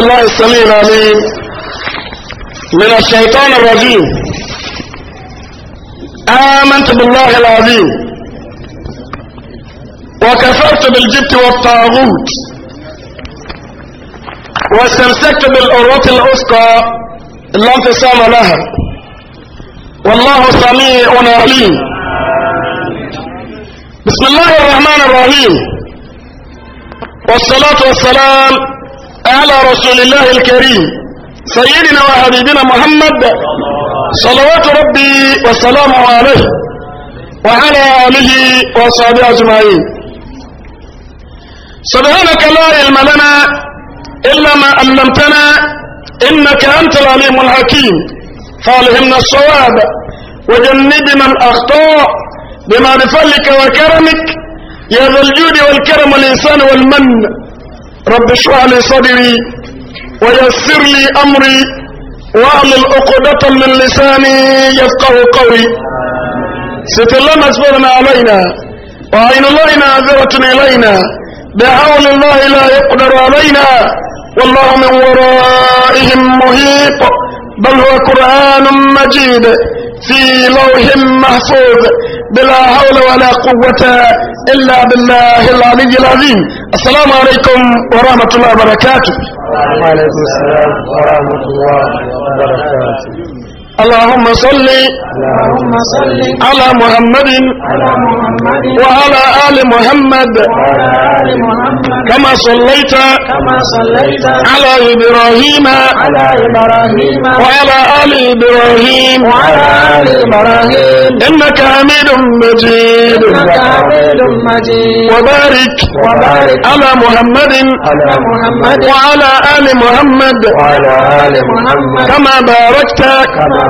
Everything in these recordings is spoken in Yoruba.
الله السميع العليم من الشيطان الرجيم آمنت بالله العظيم وكفرت بالجبت والطاغوت واستمسكت بالعروة الأسقى لا انفصام لها والله سميع عليم بسم الله الرحمن الرحيم والصلاة والسلام على رسول الله الكريم سيدنا وحبيبنا محمد صلوات ربي وسلامه عليه وعلى آله وصحبه أجمعين سبحانك لا علم لنا إلا ما علمتنا إنك أنت العليم الحكيم فألهمنا الصواب وجنبنا الأخطاء بما بفضلك وكرمك يا ذا الجود والكرم الإنسان والمن رب اشرح لي صدري ويسر لي امري واعمل عقدة من لساني يفقه قولي ست الله مسبرنا علينا وعين الله ناظرة الينا بعون الله لا يقدر علينا والله من ورائهم محيط بل هو قرآن مجيد في لوح محفوظ بلا حول ولا قوة إلا بالله العلي العظيم السلام عليكم ورحمة الله وبركاته وعليكم السلام ورحمة الله وبركاته اللهم صل اللهم صل على محمد على محمد وعلى ال محمد وعلى ال محمد كما صليت كما صليت على ابراهيم على ابراهيم وعلى ال ابراهيم وعلى ال ابراهيم انك حميد مجيد انك حميد مجيد وبارك وبارك على محمد على محمد وعلى ال محمد وعلى ال محمد كما باركت كما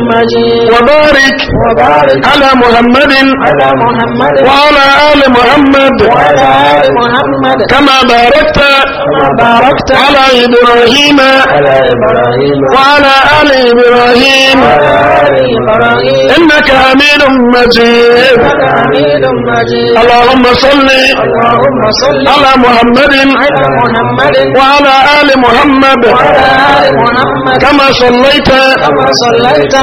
وبارك, وبارك على محمد على محمد وعلى آل محمد وعلى آل محمد كما باركت كما باركت على إبراهيم على إبراهيم وعلى آل إبراهيم وعلى آل إبراهيم إنك حميد مجيد اللهم صل اللهم صل على محمد على محمد وعلى آل محمد وعلى آل محمد كما صليت كما صليت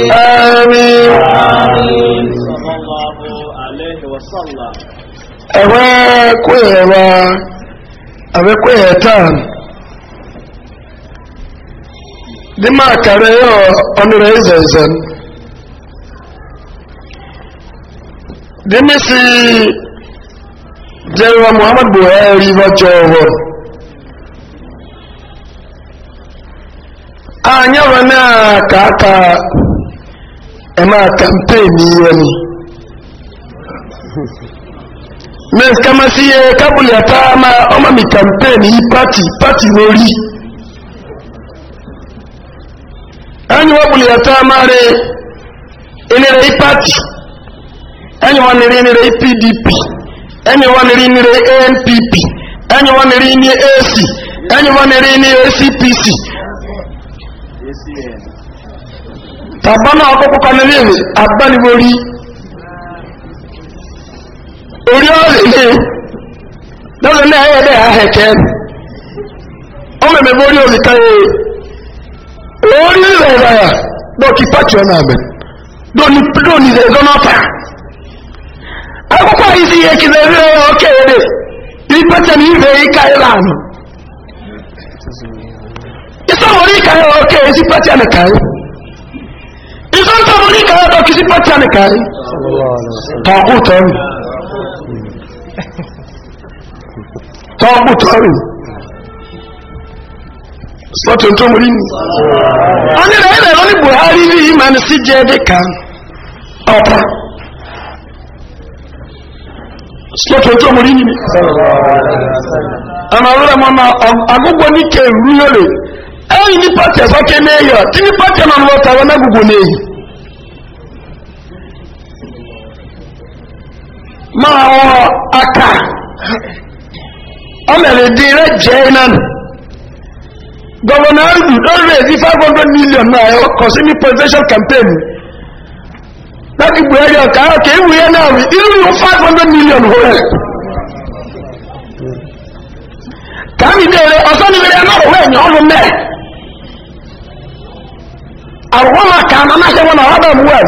آمين صلى الله عليه وسلم ẹ̀wẹ́ ní máa kàrẹ yọ ọmọrẹ̀ ìzẹ̀zẹ̀n dímísí jẹ́rọ muhammad buhari lọ́jọ́ ẹ máa kàmpéènì yẹn ni miss kamasi yẹ kábùlì ẹ̀ta máa ọmọ mi kàmpéènì yìí pátì party, lórí ẹni wọ́n bùlì ẹ̀ta máa rẹ ìnira yìí pátì ẹni wọ́n nìrí ìnira yìí pdp ẹni wọ́n nìrí ìnira yìí anpp ẹni wọ́n nìrí ìnira ac ẹni wọ́n nìrí ìnira acpc. bàbá náà kọ́kọ́ kameléèrè orí ọ̀rẹ́lẹ́ lọ́dọ̀ náà ọ mẹ́mẹ́ borí olùkàyè orí ìrẹ̀rẹ̀ dọ́kì pàtì ọ̀nà àbẹ̀ dọ́ni ìrẹ̀dọ́ náà fà akọ́kọ́ yìí sí iye kìlẹ̀ rí ọ̀rọ̀ kéèrè ìpẹ́tẹ̀ ní ìrẹ̀ ìka ìlànà ìsọ̀rọ̀ orí ìka ìrọ̀ kéèrè sí pẹ́tẹ̀ ìsọ́n tó rí kàá tó kìí sí pàtí àníkà rí tọ́ọ̀kútọ́ rí tọ́ọ̀kútọ́ rí sọ́tún tó ní ọ́nà ìrẹ̀ ìrẹ̀ buhari rí ìmọ̀ ní sí jẹ́ dẹ́ka ọ̀pá sọ́tún tó rí ní ọ̀nà ọ̀rọ̀ mọ́mọ́ agbógbó ní kẹrù yóò rẹ̀ ẹ̀yìn ní pàtí ẹ̀sọ́kẹ́ ní ẹ̀yọ̀ tí ní pàtí ẹ̀nà ọ̀tàwọn ma wọ aka ọmọlẹ̀dì mere jẹ́ iná nù gọvanọ a lórí rẹ̀ sí five hundred million náà ẹ̀ kọ̀ sí ní presidential campaign láti gbé ẹyọ káyọ̀ kì í wúyẹ́ náà rí irú yóò five hundred million wọ́n kàmí dèrè ọ̀sán ní bẹ̀rẹ̀ náà wọ́n ẹ̀yàn ọ̀run mẹ́ẹ̀ àwọn ọmọ náà ṣe wọn náà wọ́n bẹ̀ mú wá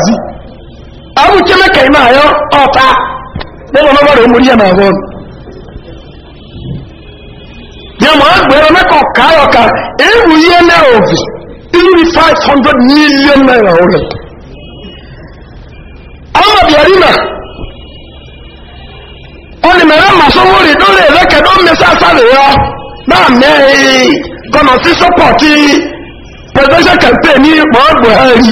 àwọn náà nínú ọlọ́wọ́rẹ̀ omori yẹn náà wọ́n ní ọmọ agbèrè mẹ́kọ̀ káyọ̀ká ewu yẹn náà òbí three five hundred million naira ọ̀rẹ́ àwọn àbíyàrí náà wọ́n ní mẹ́rẹ́ màsánwó rè lórí ẹ̀rẹ́kẹ́ ló ń mẹ́sà sáré yọ náà mẹ́rin gọ́nà sí sọ́pọ̀tì presidential campaign ní mọ́ buhari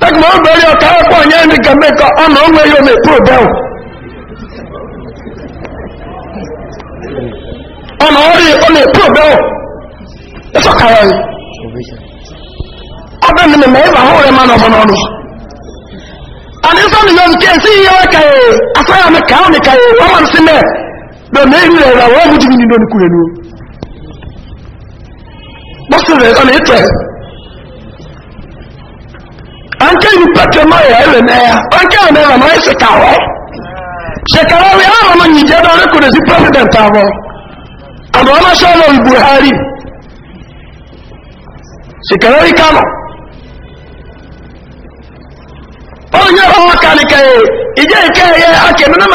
tẹ́kì mọ́ buhari ọ̀ká ẹ̀kọ́ yẹn ní gàmẹ́kọ̀ ọ̀nà òun èyí omi pro bẹ́ẹ̀ ọ̀nà orí ọ̀nà èkó bẹ́ẹ̀ ẹ̀fọ́ yìí ọbẹ̀ mi nìmẹ̀ ìbà hó rẹ̀ máa nà ọ̀bọ̀n ọ̀nà àní sọ́ni yóò kí èsì yìí mi kàá mi kàyè wọ́n máa sí mẹ́ lọ́nà èyí rẹ̀ rà wọ́n mú nínú oníkú rẹ̀ nù bọ́sù rẹ̀ ẹ̀rẹ̀ ọmọ dọ́rẹ́kùnrin sí pẹ́sidẹ̀ntì àwọn. àmọ́ ọmọ ṣọ́lọ̀ ìbùhárí ṣìkẹ̀rẹ́ rí kánà onye ọmọ kanìkẹ̀ ìjẹ́ ìkẹ́ ẹ̀yẹ akẹ́mínú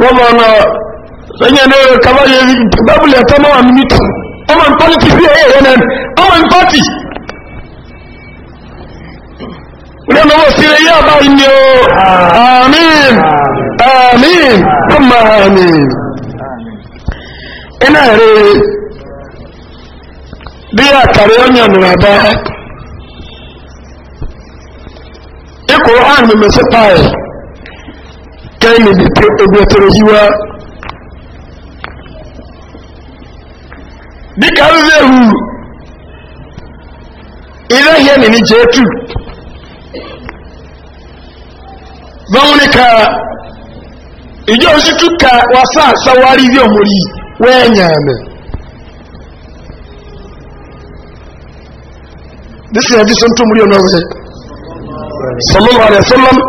wọ́n lọ sẹ́yìn ẹni ẹ̀rọ kaba yẹ bábùlì ẹ̀tọ́ náà wà ní mítì ọmọ n pọ́lítì sí ẹ̀yẹ yẹn náà ọmọ n pọ́tì wọ́n lọ́wọ́ sí ilé yá báyìí ni ó àmín àmín ọmọ àmín iná rẹ̀ bí àkàrí ọ̀yàn nù àbá ikùrọ̀ àmì mẹ́sẹ̀ páyì ime bipe ogotereziwa dịka arụzụ ewu ire ihe nini je etu bọ́wọ́n ka ìjọ òṣìṣú ka wàsá sáwárí ilé òmùrí wẹ́ẹ̀nyàmẹ̀ dísìn ẹ̀dísìn tó múrí ọ̀nà ọ̀sẹ̀ sọlọ́wọ́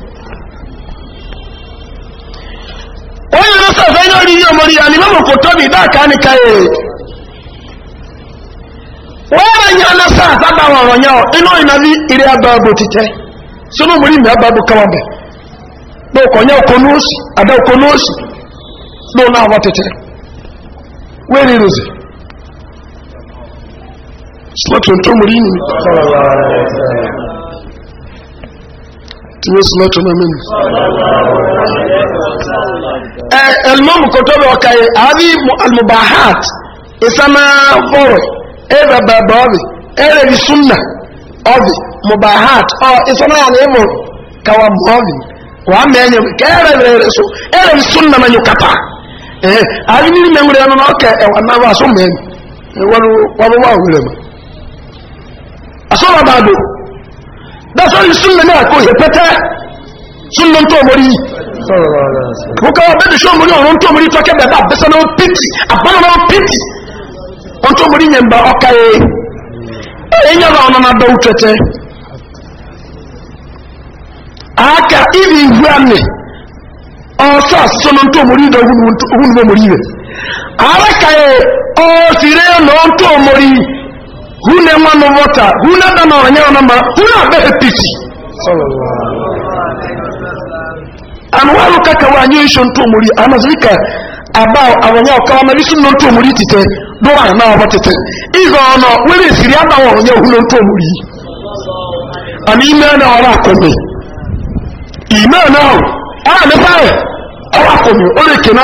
onye ọsọ ọsọ onye oriri omori ya n'ime mọkụ tobi da aka ni ka ee wọ́n yẹn ní ọsọ àtàbà wọn ọ̀rọ̀ yẹn ọ inú ìnà bí ìrẹ́ àgbà ọgbà òtítẹ́ sínú omori mi àgbà ọgbà kọ́wọ́ bẹ̀ pé ọkọ̀ yẹn ọkọ̀ n'oṣù àdá ọkọ̀ n'oṣù ló náà wọ́n tẹ̀tẹ̀ wọ́n rí rọ̀zẹ̀ sọ́tún tó mori yìí. yesu lọ tún mẹ́mẹ́ni. ẹ ka almubahat ìsámá fọ̀rọ̀ ẹ̀rẹ̀ bàbá ọ̀bì ẹ̀rẹ̀ bí súnà mubahat ọ̀ ìsámá yà lè mọ̀ kàwà mọ̀ ọ̀bì wà á mẹ́ẹ̀nyẹ kẹ́rẹ̀ rẹ̀ rẹ̀ so ẹ̀rẹ̀ bí súnà dasọ́rí súnmọ̀ náà kò yẹ pẹ́tẹ́ súnmọ̀ tó mọ́rí kúkọ́ bẹ́ẹ̀ ṣọ́ mọ́rí ọ̀run tó mọ́rí tọ́kẹ́ bẹ̀bá bẹ́sẹ̀nà pìtì àbámọ́nà pìtì wọ́n tó mọ́rí yẹn bá ọkà yẹ ẹ̀yìn yàrá ọ̀nà náà bẹ́ẹ̀ tẹ́tẹ́ àákà ìrì ìwé àmì ọ̀sọ́ àsọ́nà tó mọ́rí ìdọ̀ òhun hune mwana vota huna dama wanyawa namba huna behe piti anwaru kaka wanyisho ntumuli amazika abao abanyawa kawa ya no ntumuli tite doa na wabatete izo ono wili siri aba wanyawa huno ntumuli ani na warakome imana hao ọrụ oleke na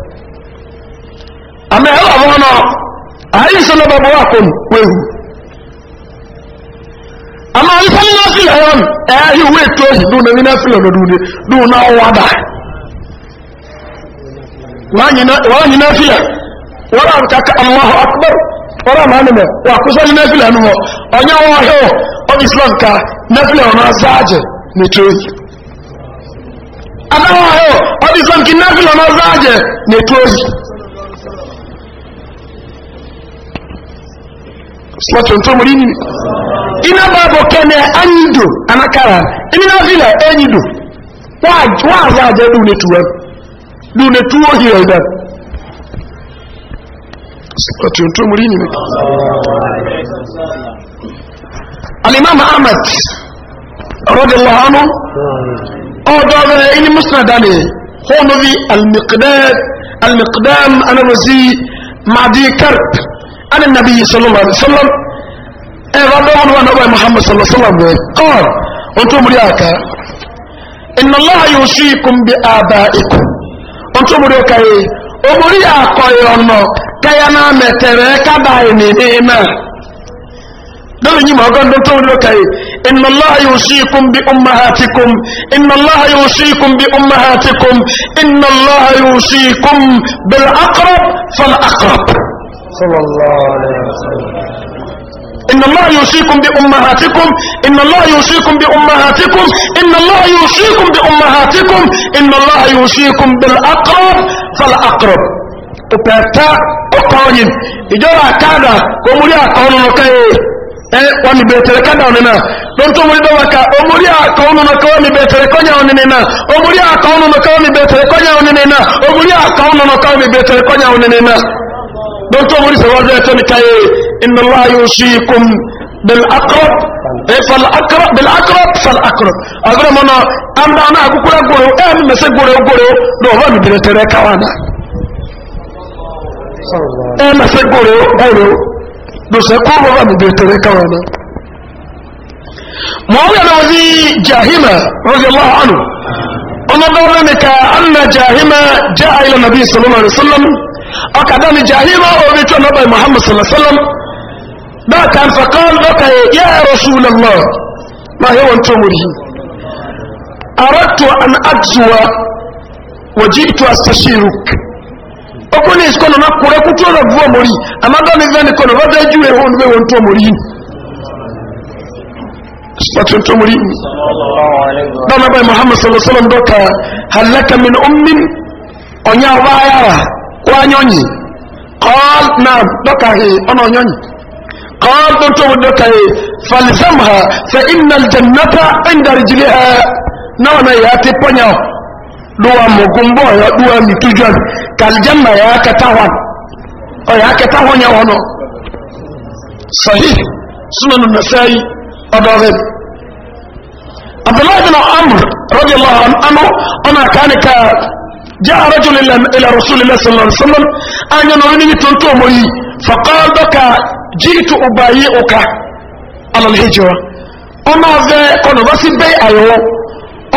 ama ɛwɔ wɔn no ayi Ịsọ na bɛbɔ akɔn wehu ama nsa ne n'afi yɛ wɔn ɛyɛ wo ohi do na ne na ɔwɔ ada wanyina wanyina afi yɛ wɔn a kaka alahu akbar wɔn a maa nimɛ wɔ yɛ no hɔ ɔnyɛ wɔn ahɛ wɔ ɔbi islam ka yɛ wɔn agye sọ́tún tó mú rí nìyí iná báàbò kẹ́ni ẹ́yìndò anákàrà iná fílẹ̀ ẹ́yìndò wọ́n àzá àjẹ́ lúne tuwọ́ lúne tuwọ́ hìrọ̀ ìdá sọ́tún tó mú rí nìyí alimam ahmed rọ́dìlọ́ hánú ọ̀dọ́ rẹ̀ iní musnadà ni hónúvi almiqdam almiqdam anarosí madi karp عن النبي صلى الله عليه وسلم أي ربنا هو نبي محمد صلى الله عليه وسلم قال أنتم رياكا إن الله يوصيكم بآبائكم أنتم رياكا أمري أقوي رنو كي أنا متريكا بايني نيما نبي مهجان نتو رياكا إن الله يوصيكم بأمهاتكم إن الله يوصيكم بأمهاتكم إن الله يوصيكم بالأقرب فالأقرب صلى الله عليه وسلم إن الله يوصيكم بأمهاتكم إن الله يوصيكم بأمهاتكم إن الله يوصيكم بأمهاتكم إن الله يوصيكم بالأقرب فالأقرب أبتا أقوين إجارة كذا كمولي أقوين لكي wani betere kada onina don to muri dawaka omuri aka onu na kawani betere konya onina omuri aka onu na kawani betere konya onina omuri aka onu na kawani betere konya onina ان الله يوصيكم بالاقرب إيه، فالاقرب بالاقرب فالاقرب اقرا منا ام انا اقول إيه، اقول ام إيه، مس اقول اقول لو هو من تركا وانا ام مس اقول اقول لو سكوا هو من تركا وانا مولانا وزي جاهما رضي الله عنه ومن ظهر لك ان جاهما جاء الى النبي صلى الله عليه وسلم أكدام جاهما وبيتو نبي محمد صلى الله عليه وسلم ذاك فقال ذاك يا رسول الله ما هو أنت أردت أن أجزو وجئت أستشيرك okoni isikono nakure na vuo mori amadani zani kono vada juwe hon we wonto mori sipati wonto mori dana bai muhammad sallallahu alaihi wasallam doka halaka min ummin onya wayara wanyonyi qal nam dokahi ono nyonyi qal don to dokahi falzamha fa innal jannata inda rijliha nawana yati ponya duwa mugumbo ya duwa mitujan kal janna ya katawan o ya katawon ya wono sahih sunan an-nasai adawin abdullah bin amr radiyallahu anhu ana kanaka جاء رجل إلى رسول الله صلى الله عليه وسلم أن ينرني تنتومي فقال بك جئت أبايعك على الهجرة أنا ذا كنا بس بيع يو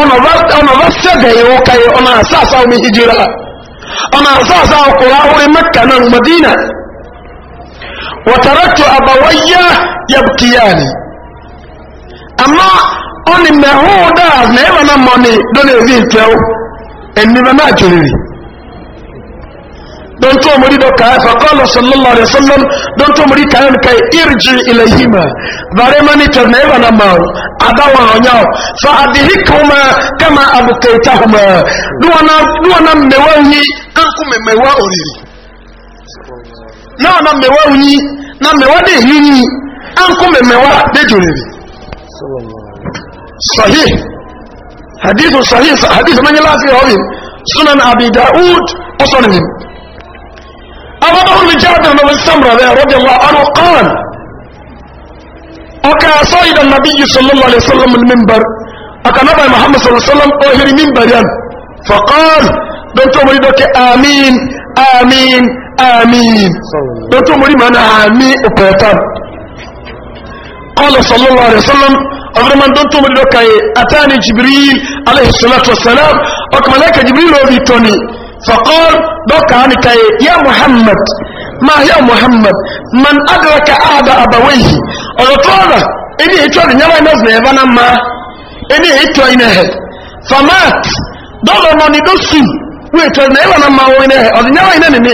أنا بس أنا بس بيع كي أنا أساس أو مهجرة أنا أساس أو قرآن مكة من مدينة وتركت أبوي يبكيان أما أنا مهودا نعم أنا ماني دون يزيد ẹ̀mìnà náà kìrìrì don tó mori dọ kàá fàkọ́lọ̀ sallallahu alaihi sallam don tó mori kàá ní kai irji ilayhima bare mani tar na ibana ma adawa onya fa adihikuma kama abukaitahuma duwana duwana mewanyi kan kuma mewa oriri na na mewa unyi na mewa de hinyi an kuma mewa de juriri sahih حديث صحيح حديث من لا سيهوين سنن أبي داود أصنهم أبا بكر بن جابر بن السمرة رضي الله عنه قال أكا صيد النبي صلى الله عليه وسلم المنبر أكا نبي محمد صلى الله عليه وسلم أهل منبر يعني. فقال دوتو مريدك آمين آمين آمين دوتو مريد آمين أبيتان قال صلى الله عليه وسلم ọdún ma ń dọ́ntọ́ mọ̀ dídọ́ káyé àtàní jibril aleyhisalatu wasalam ọkọ̀ mọ̀lẹ́kà jibril òbí tọ́ni fọ́kọ́l dọ́kà ní káyé yá muhammad máa yá muhammad man adraka àdá àbáwéyì ọ̀rọ̀ tó ọ̀rọ̀ ẹni ètò ọ̀rọ̀ nyẹ́wà iná zùn ẹ̀bá náà máa ẹni ètò iná ẹ̀ famat dọ́lọ̀ nọ ní dọ́sù wíìtò nyẹ́wà náà máa wọ iná ẹ̀ ọ̀rọ̀ nyẹ́wà iná nìní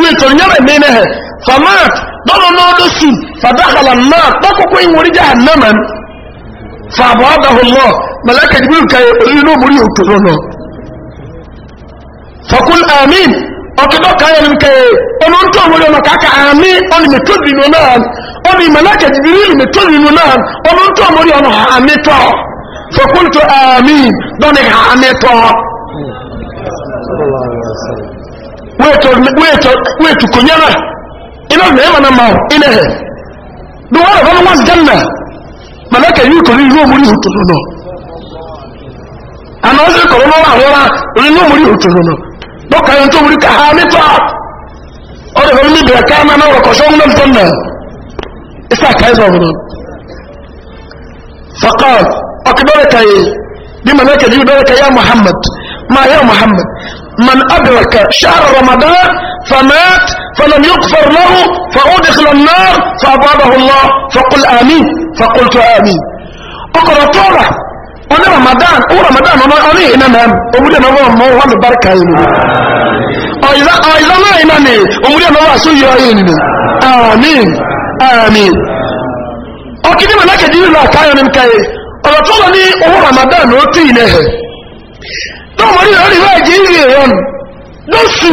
wíìtò nyẹ́wà iná ẹ̀ famat dọ́lọ̀ nọ dọ́sù fàdákàlà náà tọ́kọ́kọ́ ìwòrí jẹ́ ànámẹ́ni fàbọ̀ àbáhùnmọ́ mẹ́lẹ́kẹ̀ jùlọ kẹyẹ olóyìn òmúrí òtò lọ́nà fọkún àmín ọkẹ́dọ̀ kẹyẹ ní kẹyẹ olóńtò òmúrí ọmọ kàkà àmín ọlùmẹ̀tòdì nù náà ọmọ mẹ́lẹ́kẹ̀ jùlọ ìlùmẹ̀tòdì nù náà olóńtò òmúrí ọmọ àmín tọ́ fọkún tó na lọ́nà àmín tọ́ wẹ́ẹ̀tù kò nyẹ́rẹ̀ iná mẹ́rin mọ̀lẹ́kẹ̀ yìí kò ní inú omori hùtùnù náà àmà ó sì kọ̀rọ̀ lọ́wọ́ àwọ́ra inú omori hùtùnù náà lọ́kà yẹn tó omori kàá nípa ọ̀rẹ́ fẹ́ mi bẹ̀rẹ̀ káà máa wọ̀ kọ̀ṣọ́ ńlẹ̀ tó nà ìsà káìsọ̀ ọ̀nà fàkà ọ̀kẹ́dọ̀rẹ̀ kàyé bí mọ̀lẹ́kẹ̀ yìí dọ̀rẹ̀ kàyé muhammad ma yẹ muhammad man abiraka shahara ramadan famat فلم يغفر له فأدخل النار فأبعده الله فقل آمين فقلت آمين أقرأ طورة أنا رمضان أو رمضان أنا أنا إنام أمولي أنا أمام نعم. هو البركة أيضا أيضا ما إنامي أمولي أنا نعم. أسوي أيني نعم. آمين آمين أكيد ما لك دين الله كاين من كاين أقرأ طولة ني أو رمضان أو تينه تو مريض أنا ما أجيبي يوم دوسو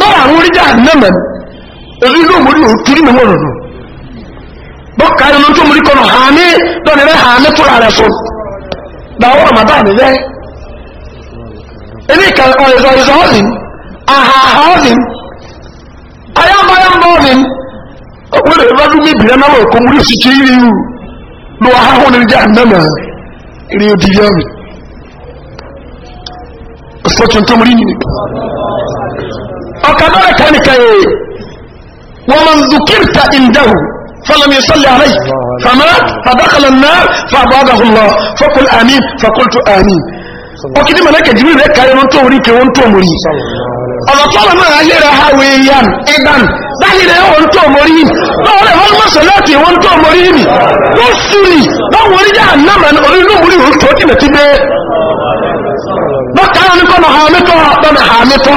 دو عمولي جهنم òṣìṣẹ́ òmòrí òtúrí mi wọ́n lọ́nà bọ́ọ̀ká ẹni tó mórí kọ́nà hàmí lọ́nà rẹ̀ hàmí fúra rẹ̀ fún dáwọ́ ramadan rẹ̀ ilé ìkà ọ̀rẹ́sọ̀ ọ̀rẹ́sọ̀ ọ̀sìn àhàhà ọ̀sìn ayámbáyámbá ọ̀sìn òpèrè lọ́dún mi bìrẹ̀ náà ló wà ní ìrì òdì ọ̀kadà rẹ̀ ومن ذكرت عنده فلم يصلي عليه فمات فدخل النار فأبعده الله فقل آمين فقلت آمين وكذا ملك جبريل كان ينتو مريك وانتو مريك ọ̀rọ̀ tọ́rọ náà yẹ́ra àwọn èèyàn ìdán dáhìrẹ̀ wọ́n tó mọ̀rí lọ́wọ́rẹ̀ wọ́n mọ́sọ̀ láti wọ́n tó mọ̀rí nì wọ́n súnì lọ́wọ́ orí yà náà orí lóòmùrí òun tó tìmẹ̀ ti dé lọ́kàá ní kọ́nà hàmítọ́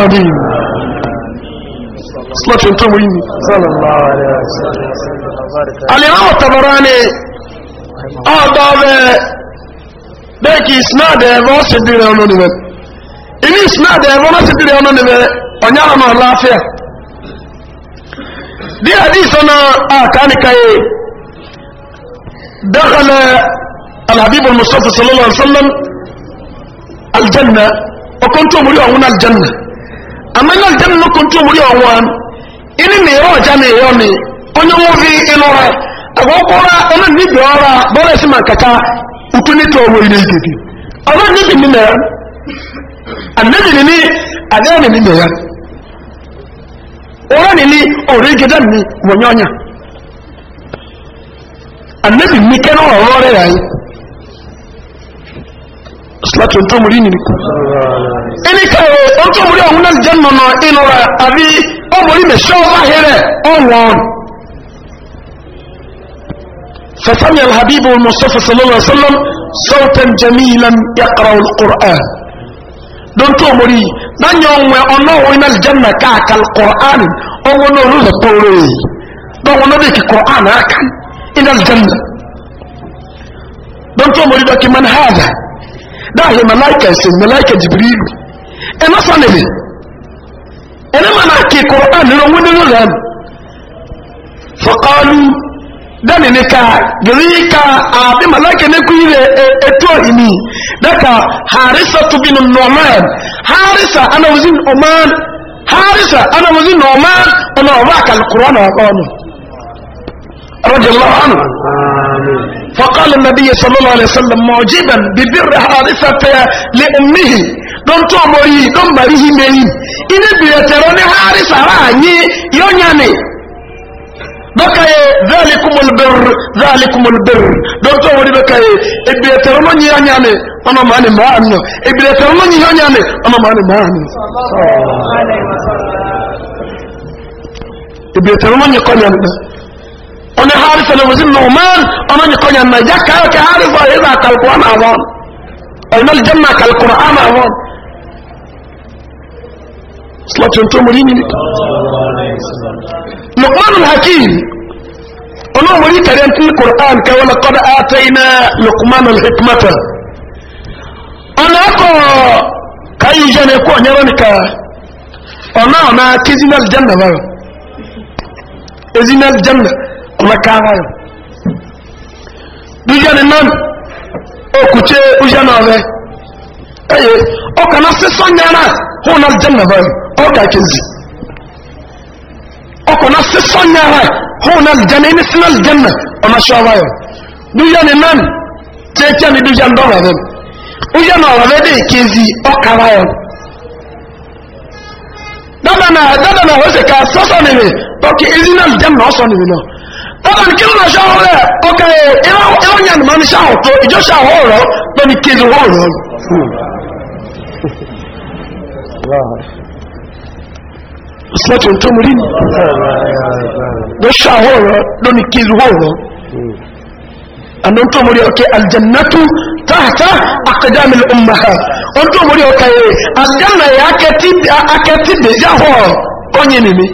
آمين صلاة انتم ويني صلى الله عليه وسلم الإمام الطبراني أعضاء بيكي إسناد إيضا سدير أنوني إن إسناد إيضا سدير ونعم ونعلم الله لافية دي حديثنا آه كان كي دخل الحبيب المصطفى صلى الله عليه وسلم الجنة okonto omuri ọnwụ na aljanna amanya aljanna na okonto omuri ọnwụ a ini na ere ọja na ere ọnị onye nwovi ịnụra agwa ọkwụra ọna nnibi ọra bọrọ esi ma nkata utu n'ịtụ ọwụ gị ọrụ ọra nnibi nne ya annabi nini adịghị nini nne ya ụra nini ọrụ igide nni wonye ọnya annabi n'ike na ọrụ ọrụ ya yi salatu ntɔ muri nini ku ɛni ka o ntɔ muri na jɛ nɔnɔ inu rɛ abi o muri mɛ sɛ ɔba hɛrɛ ɔwɔn فسمع الحبيب المصطفى صلى الله عليه وسلم صوتا جميلا يقرا القران دون تومري دان يوم انه وين الجنه كاك القران او نور الطوري دون نبيك القران هكا الى الجنه دون تومري من هذا daahi malaika nsen malaika jibrilu ɛna sanemi ɛna mana ake kur'an nira onwe nira fakalu dani ne ka gari ka abi malaika n'ekwu ihe etu uh, eto uh, uh, ini daga harisa tubin noman harisa ana wuzin oman harisa ana wuzin noman ona wa kal kur'an wa kawai رضي الله عنه فقال النبي صلى الله عليه وسلم معجبا ببر حارثة لأمه دون تومري دون مريه مين إن بيترون حارثة راني يونياني بكاي ذلكم البر ذلكم البر دون تومري بكاي بيترون يونياني أنا ما أنا ما أنا بيترون يونياني أنا ما أنا ما أنا بيترون يونياني ọ̀nà harisa lè wùsí lùmán ọmọ ní kọjá mẹ́ jẹ́ káyọ̀ kí harisa yìí bá kàlùkùrá máa wọ́n ọ̀nà lè jẹ́ máa kàlùkùrá máa wọ́n slọ́tún tó mú rí nínú lukman al-hakim ọ̀nà mú rí tẹ̀lé ní kùrán kẹwọ́n lè kọ́dá àtẹ́ iná lukman al-hikmata ọ̀nà akọ̀ káyí jẹ́ ní kú ọ̀nyẹ́rọ̀ nìka ọ̀nà ọ̀nà kí zinal janna báyọ̀ ezinal janna ọmọkàwáyọ̀ dújọ́ ni náà òkùté ojúẹ́ náà rẹ̀ ẹ̀yẹ ọkàná sísọ nyàrá hó náà jẹ́ nàbà ọ̀gá kejì ọkàná sísọ nyàrá hó náà jẹ́ ní ní sinal jẹ́nà ọmọ ṣọ́wáyọ̀ dújọ́ ni náà tẹ́tẹ́ ni dújọ́ ń dọ̀rọ̀ rẹ̀ ojúẹ́ náà rẹ̀ dé kejì ọkàwáyọ̀ dábàá náà dábàá náà ó sì ká sọ́sọ́ nìyẹn tọ́kì ezinal jẹ́nà ọ̀sọ́ nìyẹn náà ọmọ kí ló lọ ṣáwọ́ rẹ̀ ọkà ìrọ̀nyà ni ma ń ṣáwọ̀ tó ìjọ ṣáwọ̀ ọ̀rọ̀ tó ní kí ló rọ̀ sẹ́tùn tó mú rí ní ló ṣáwọ̀ ọ̀rọ̀ ló ní kí ló rọ̀ àmì tó mú rí ọkẹ́ aljannatu tààtà akadami umaha ó tó mú rí ọkà yẹ àjẹ́nà yà akẹ́tì dèjà họ́ ọ̀nyẹ́ nìmi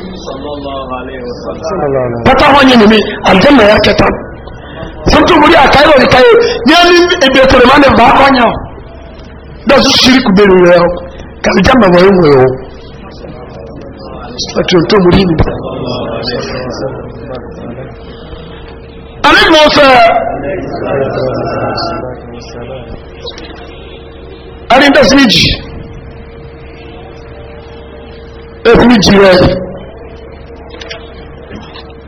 pata hɔ nye nyimi aljanna ya kɛta sɛntu muri akayi wɔ nikayi yanni ebi etoroma ne ba kɔ nya o dɔw ti siri kube ni wɛ o aljanna wɔ ewu o ati o to muri ni. ale ni mo fɛ. n tɛ sini ji. Efiri ji rɛ.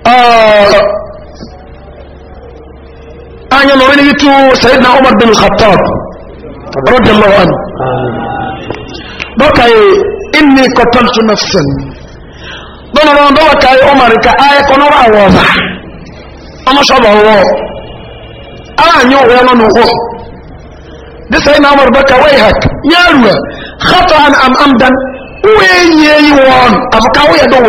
أنا آه. آه، نورين يتو سيدنا عمر بن الخطاب رضي الله عنه بكاي إني قتلت نفسا دون رون دوا عمر كآية كنورا وضع أما شبه الله أنا آه، نيو يلا نوغو دي سيدنا عمر بكا ويهك يالوا خطأ أم أمدا وين أفكا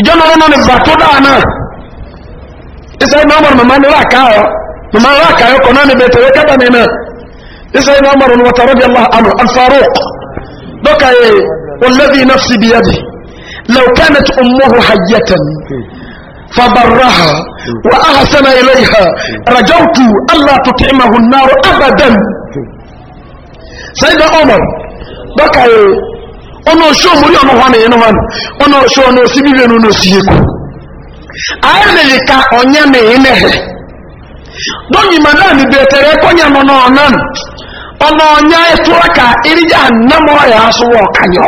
ìjọ lọ́rọ́ náà ni bà tó dáa náà ìsẹ́ iná ọmọrùn mọ̀mọ́ ní ráàkáyọ́ mọ̀mọ́ ráàkáyọ́ kọ̀ náà ni bẹ̀ tẹ̀wé kẹta ní náà ìsẹ́ iná isa ina wọ́n tàrọ́ bí allah anu alfaruk dọ́kà yẹ olẹ́bí nafsi bí yadi lẹ́wọ̀kẹ́nẹ̀t ọmọhu hayyatan fabarraha wa ahasana ilayha rajautu allah tut'imahu an-nar abadan sayyidina umar dọ́kà yẹ ono osho omori ono hwa na eno hwa ono osho ono osi bibi ono osi eku ayi mere ka onye na enehe donyi mana ni betere konya no no nan ono onya etura ka irija namo ya asuwa kanyo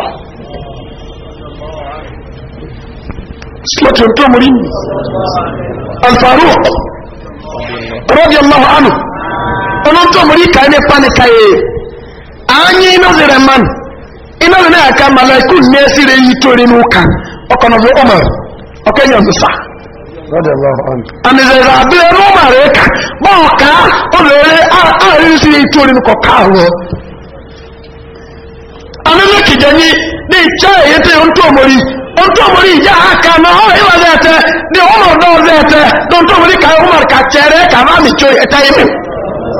slotun to muri al faruq radiyallahu anhu ono to muri ka ne pani kai anyi no zere man iná na náà ká màláìkù ní ẹ́sí rẹ̀ yìí tó rí núkà ọkọ̀nàfẹ́ ọmọ ọkẹ́yàn sá àmìzẹ̀rẹ̀ àbílẹ̀ rọ́mà rẹ̀ ká bọ́ọ̀ ká olóòrẹ́ àárín sí tó rí núkọ̀ káàrọ̀ amẹ́lẹ́ kìjẹ́ ní ní ìjẹ́ èyí tí ó ń tó mórí ó ń tó mórí ìyá àkà náà ọ̀rọ̀ ìwà zẹ́ẹ̀tẹ́ ní ọmọ ọ̀dọ́ zẹ́ẹ̀tẹ́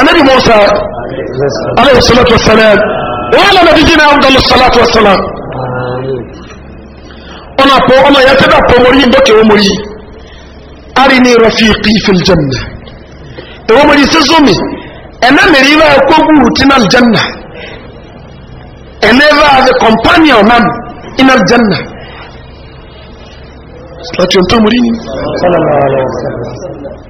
النبي موسى عليه الصلاة والسلام وعلى نبينا أفضل الصلاة والسلام أنا أبو أنا يتبع بمري بك أمري أرني رفيقي في الجنة أمري سزومي أنا مريم أكوبو تنا الجنة أنا ذا companion man in الجنة صلاة يوم تمرين صلى الله عليه وسلم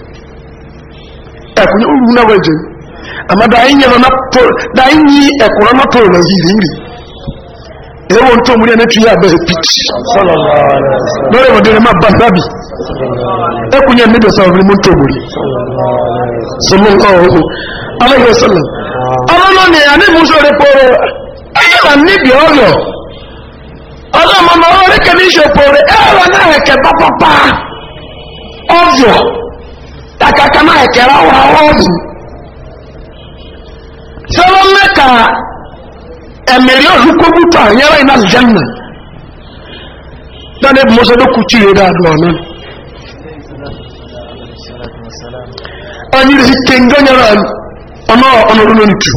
ẹ̀kùnye orú náà wẹ̀jẹ̀ àmà dáyìnyí ẹ̀kùnrán náà tóòrò náà yìí rí ẹwọ́n tó múrí ẹni bẹ́ẹ̀ pìtì lọ́rẹ̀ ìwọ̀n dẹ̀rẹ̀ máa bá sábì ẹkùnye ẹni dẹ̀sà ọ̀rẹ́ mú tó múrí sọlọ́ọ̀ọ́ ọlọ́mọ ọ̀rẹ́kẹ̀ ní ẹ̀rọ náà pápápá takaka na ekera ụra ọzụ sọrọ mme ka emeri olukwogbutu a nyere anyị na janna dane bụ ihe ebe adụ ọnụ anyị resi tengo nyere anyị ọnụ ọnụrụ n'ntu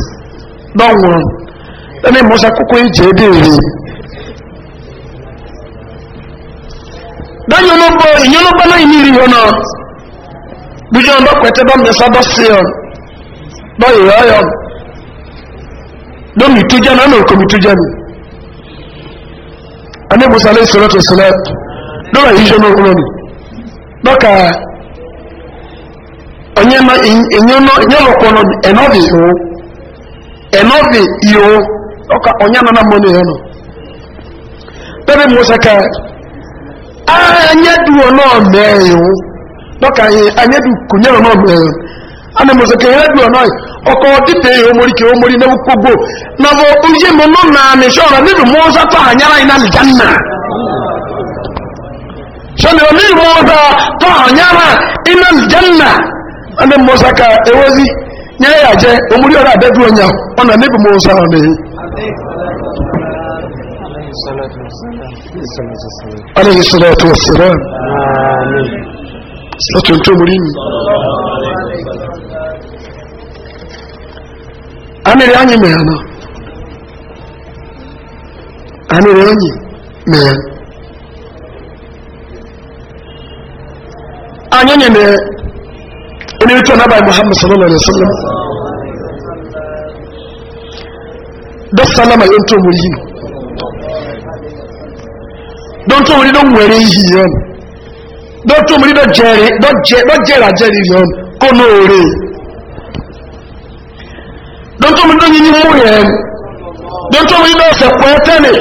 akwụkwọ bíjọ́ ń dọ́pẹ̀tẹ́ bá mẹ́sà bá sí ọ lọ́yẹ̀ ọ̀yọ́ lómi tó jẹ́ náà lóko mi tó jẹ́ mi ẹni musa lè sọ̀rọ̀ tó sọ̀rọ̀ lọ́wọ́ yìí ṣe lóko lónìí lọ́kà ọ̀nyẹ́nọ̀pọ̀nọ̀ ẹ̀nọ́bì ìhó ẹ̀nọ́bì ìhó lọ́kà ọ̀nyẹ́nọ̀nà mọ́ni ẹ̀ nọ bẹ́ẹ̀ musa ká ẹ̀yẹ́ dùn náà mẹ́ ìhó. tọ́ka yìí anyẹ́dù kò nyẹ́ ọ̀nà ọ̀gbẹ̀rẹ̀ ana mọ̀sọ̀kẹ́ yẹn dùn ọ̀nà ọkọ̀ dídé omori kẹ omori náà kógbó na bọ̀ oyé mọ̀ nọ nàánì sọ̀rọ̀ níbi mọ́ọ́sá tó ànyára yìí náà nìjánà sọ̀nà omi mọ́ọ́sá ana ka ya je omori sọ́tún tó múrí mi amịrị anyị mere na amịrị anyị mere anyị onye muhammad sallallahu alaihi wasallam don salama yin to muri don to muri don were ihi dọ́tún mi dọ́jẹ́ra jẹ́rì yọ̀n kó ní òòrè dọ́tún mi dọ́yìn ní mú rẹ̀ dọ́tún mi dọ́ ọ̀sẹ̀ pọ̀ tẹ́lẹ̀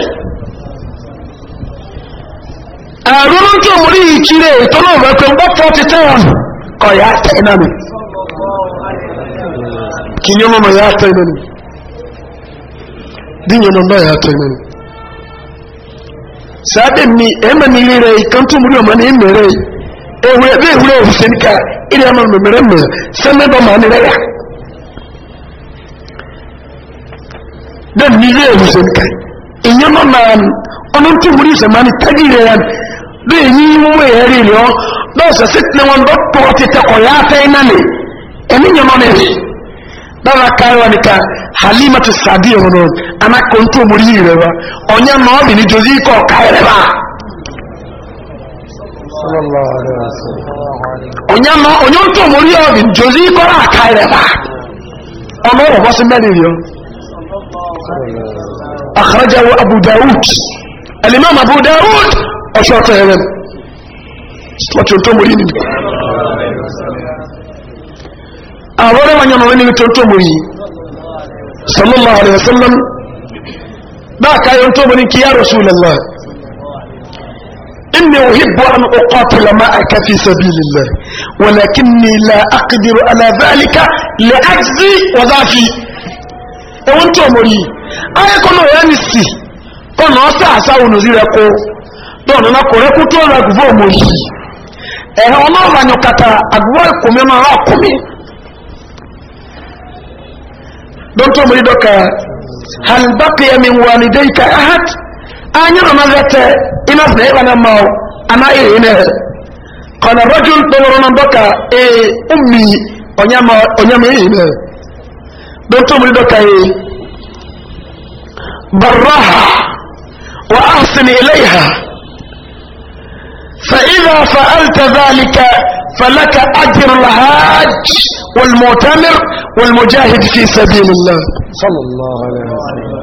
ààrùn lọ́tún mi rí ìkírè tọ́nà ọ̀rẹ́pẹ̀ wọ́n fọ́tí tẹ́wọ̀n kọ̀ yá tẹ́ iná mi kì ní ọmọ yá tẹ́ iná mi dínyẹn náà yá tẹ́ iná mi sáà dẹ̀ mi ẹ̀mẹ́ mi rí rẹ̀ ìkàntún mi rí ọmọ ní ìmẹ̀rẹ̀ yìí ehure ebe ehure ohuse nka ịrị ama mmemmere mmere sẹmẹdọ ma nire ya na mmiri ohuse nka ìyẹn mọ na ọnụ ntị nwere ise ma tagi ire ya na enyi ihe nwe ya eri rịọ na ọsọ sịtị na nwandọ tụọ tete ọya ata ịna nị ẹni nyẹ nọ n'ehi dara kaayọ wa nika halima ti sadi ọhụrụ anakọ ntị omori yi rẹ wa ọnya na ọ dị n'ijọzi ike ọka rẹ onyama onye otu omori obi njozi ikọrọ aka ireba ọnụ ụlọ bọsị mmeri rio akhrajahu abu daud alimam abu daud ọsọ ọtọ ere ọtọ ntọ omori ni awọrẹ wanya mama ni ntọ ntọ omori sallallahu alaihi wasallam ba kayo ntọ omori ki ya rasulullah inwe ohi buon uko atolu ama aka fi sobi lile wole kini la-akidira ala belika lo ezi ko zafi ewu nke omori ahịa kona o re nisi ko na o si asaa wunuzi re ku no nuna kore ku to nwagwuzi omori ehu onora nyokata agubo ikomema ha kumi don to morido ka halibutali emi nwani deyika ah أنا ما ذات إنا سنعيب أنا ما أنا إيه إنا قال الرجل دورنا بكى إيه أمي أنيما أنيما إيه إنا دكتور مريد بكى إيه برها وأحسن إليها فإذا فعلت ذلك فلك أجر الحاج والمؤتمر والمجاهد في سبيل الله صلى الله عليه وسلم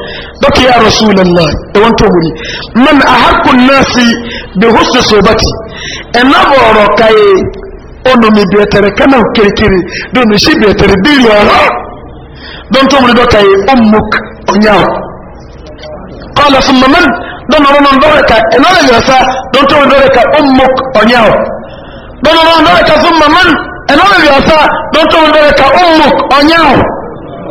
بك يا رسول الله وانتهوني من أحق الناس بحسن صحبتي أنا بوركاي أنو مي بيتر كما كيركيري دون شي بيتر ديري ولا دون تقول بكاي أمك أنياو قال ثم من دون رمضان بركة أنا لا يسا دون تقول بركة أمك أنياو دون رمضان بركة ثم من أنا لا يسا دون تقول بركة أمك أنياو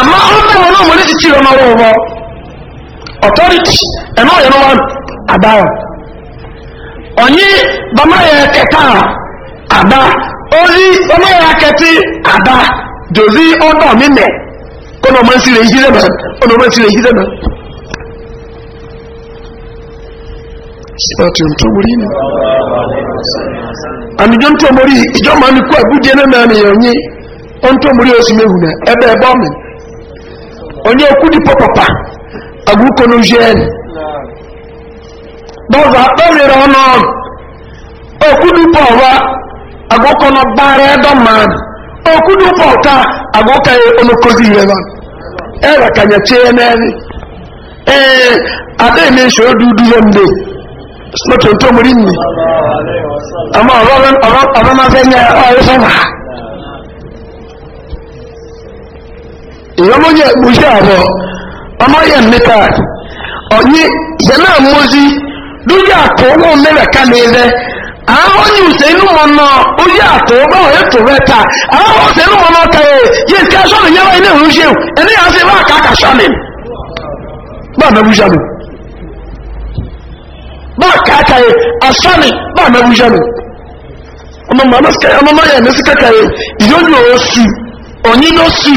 Ama ọ́nà wọn náà mo ní ti tí ọmọ wọn wọ authority ẹ̀nà ọ̀yẹ̀nà wọn àbára ọ̀nyí bàmáyà kẹta àbá orí bàmáyà kẹtí àbá dòzí ọ̀dọ̀ mímẹ̀ kọ́nà ọmọ ìsirè ìhírẹ̀ mọ́ ọ̀nà ọmọ ìsirè ìhírẹ̀ mọ́. sifatun tomori ne amijo ntomori ijo ma ni ku abuje na na ni yonyi on tomori osimehuna ebe ebe omen onye okwu dị pọpọpa agwụkọ n'ojen dọza akpọrịrị ọnụ okwu dị pọwa agwụkọ na bara edo man okwu dị pọta agwụkọ ya onokozi ihe ba ẹrẹ kanyẹ chee n'ẹni ee adé mi nsọ dúdú yẹn ndé sọ tontomori nni àmọ ọrọ ọrọ ọrọ máa fẹ nyẹ ọrọ sọ wàá. ìyọ́mọ́ yẹ gbòṣẹ́ àwọ̀ ọmọ yẹ mẹ́ta ọ̀nyí yẹ náà mọ́sí lójú àtọ̀wọ́ mẹ́rẹ̀ ká lè rẹ àwọn oyún sẹ́nu mọ̀ náà ojú àtọ̀wọ́ inu tó rẹ ta àwọn oyún sẹ́nu mọ̀ náà tẹ̀yẹ yẹ kí aṣọ́nù yẹ ba náà rúṣẹ́ ẹni yà á ṣe wá àkàkà ṣọ́nù bá mẹ́bù ṣọ́nù bá àkàkà yẹ aṣọ́nù bá mẹ́bù ṣọ́nù ọmọ mọ̀ ọmọ yẹ mẹ́sí kẹ́kẹ́ yẹ ìyọ́nù ọ̀ọ́sù ọ̀nyí lọ́sù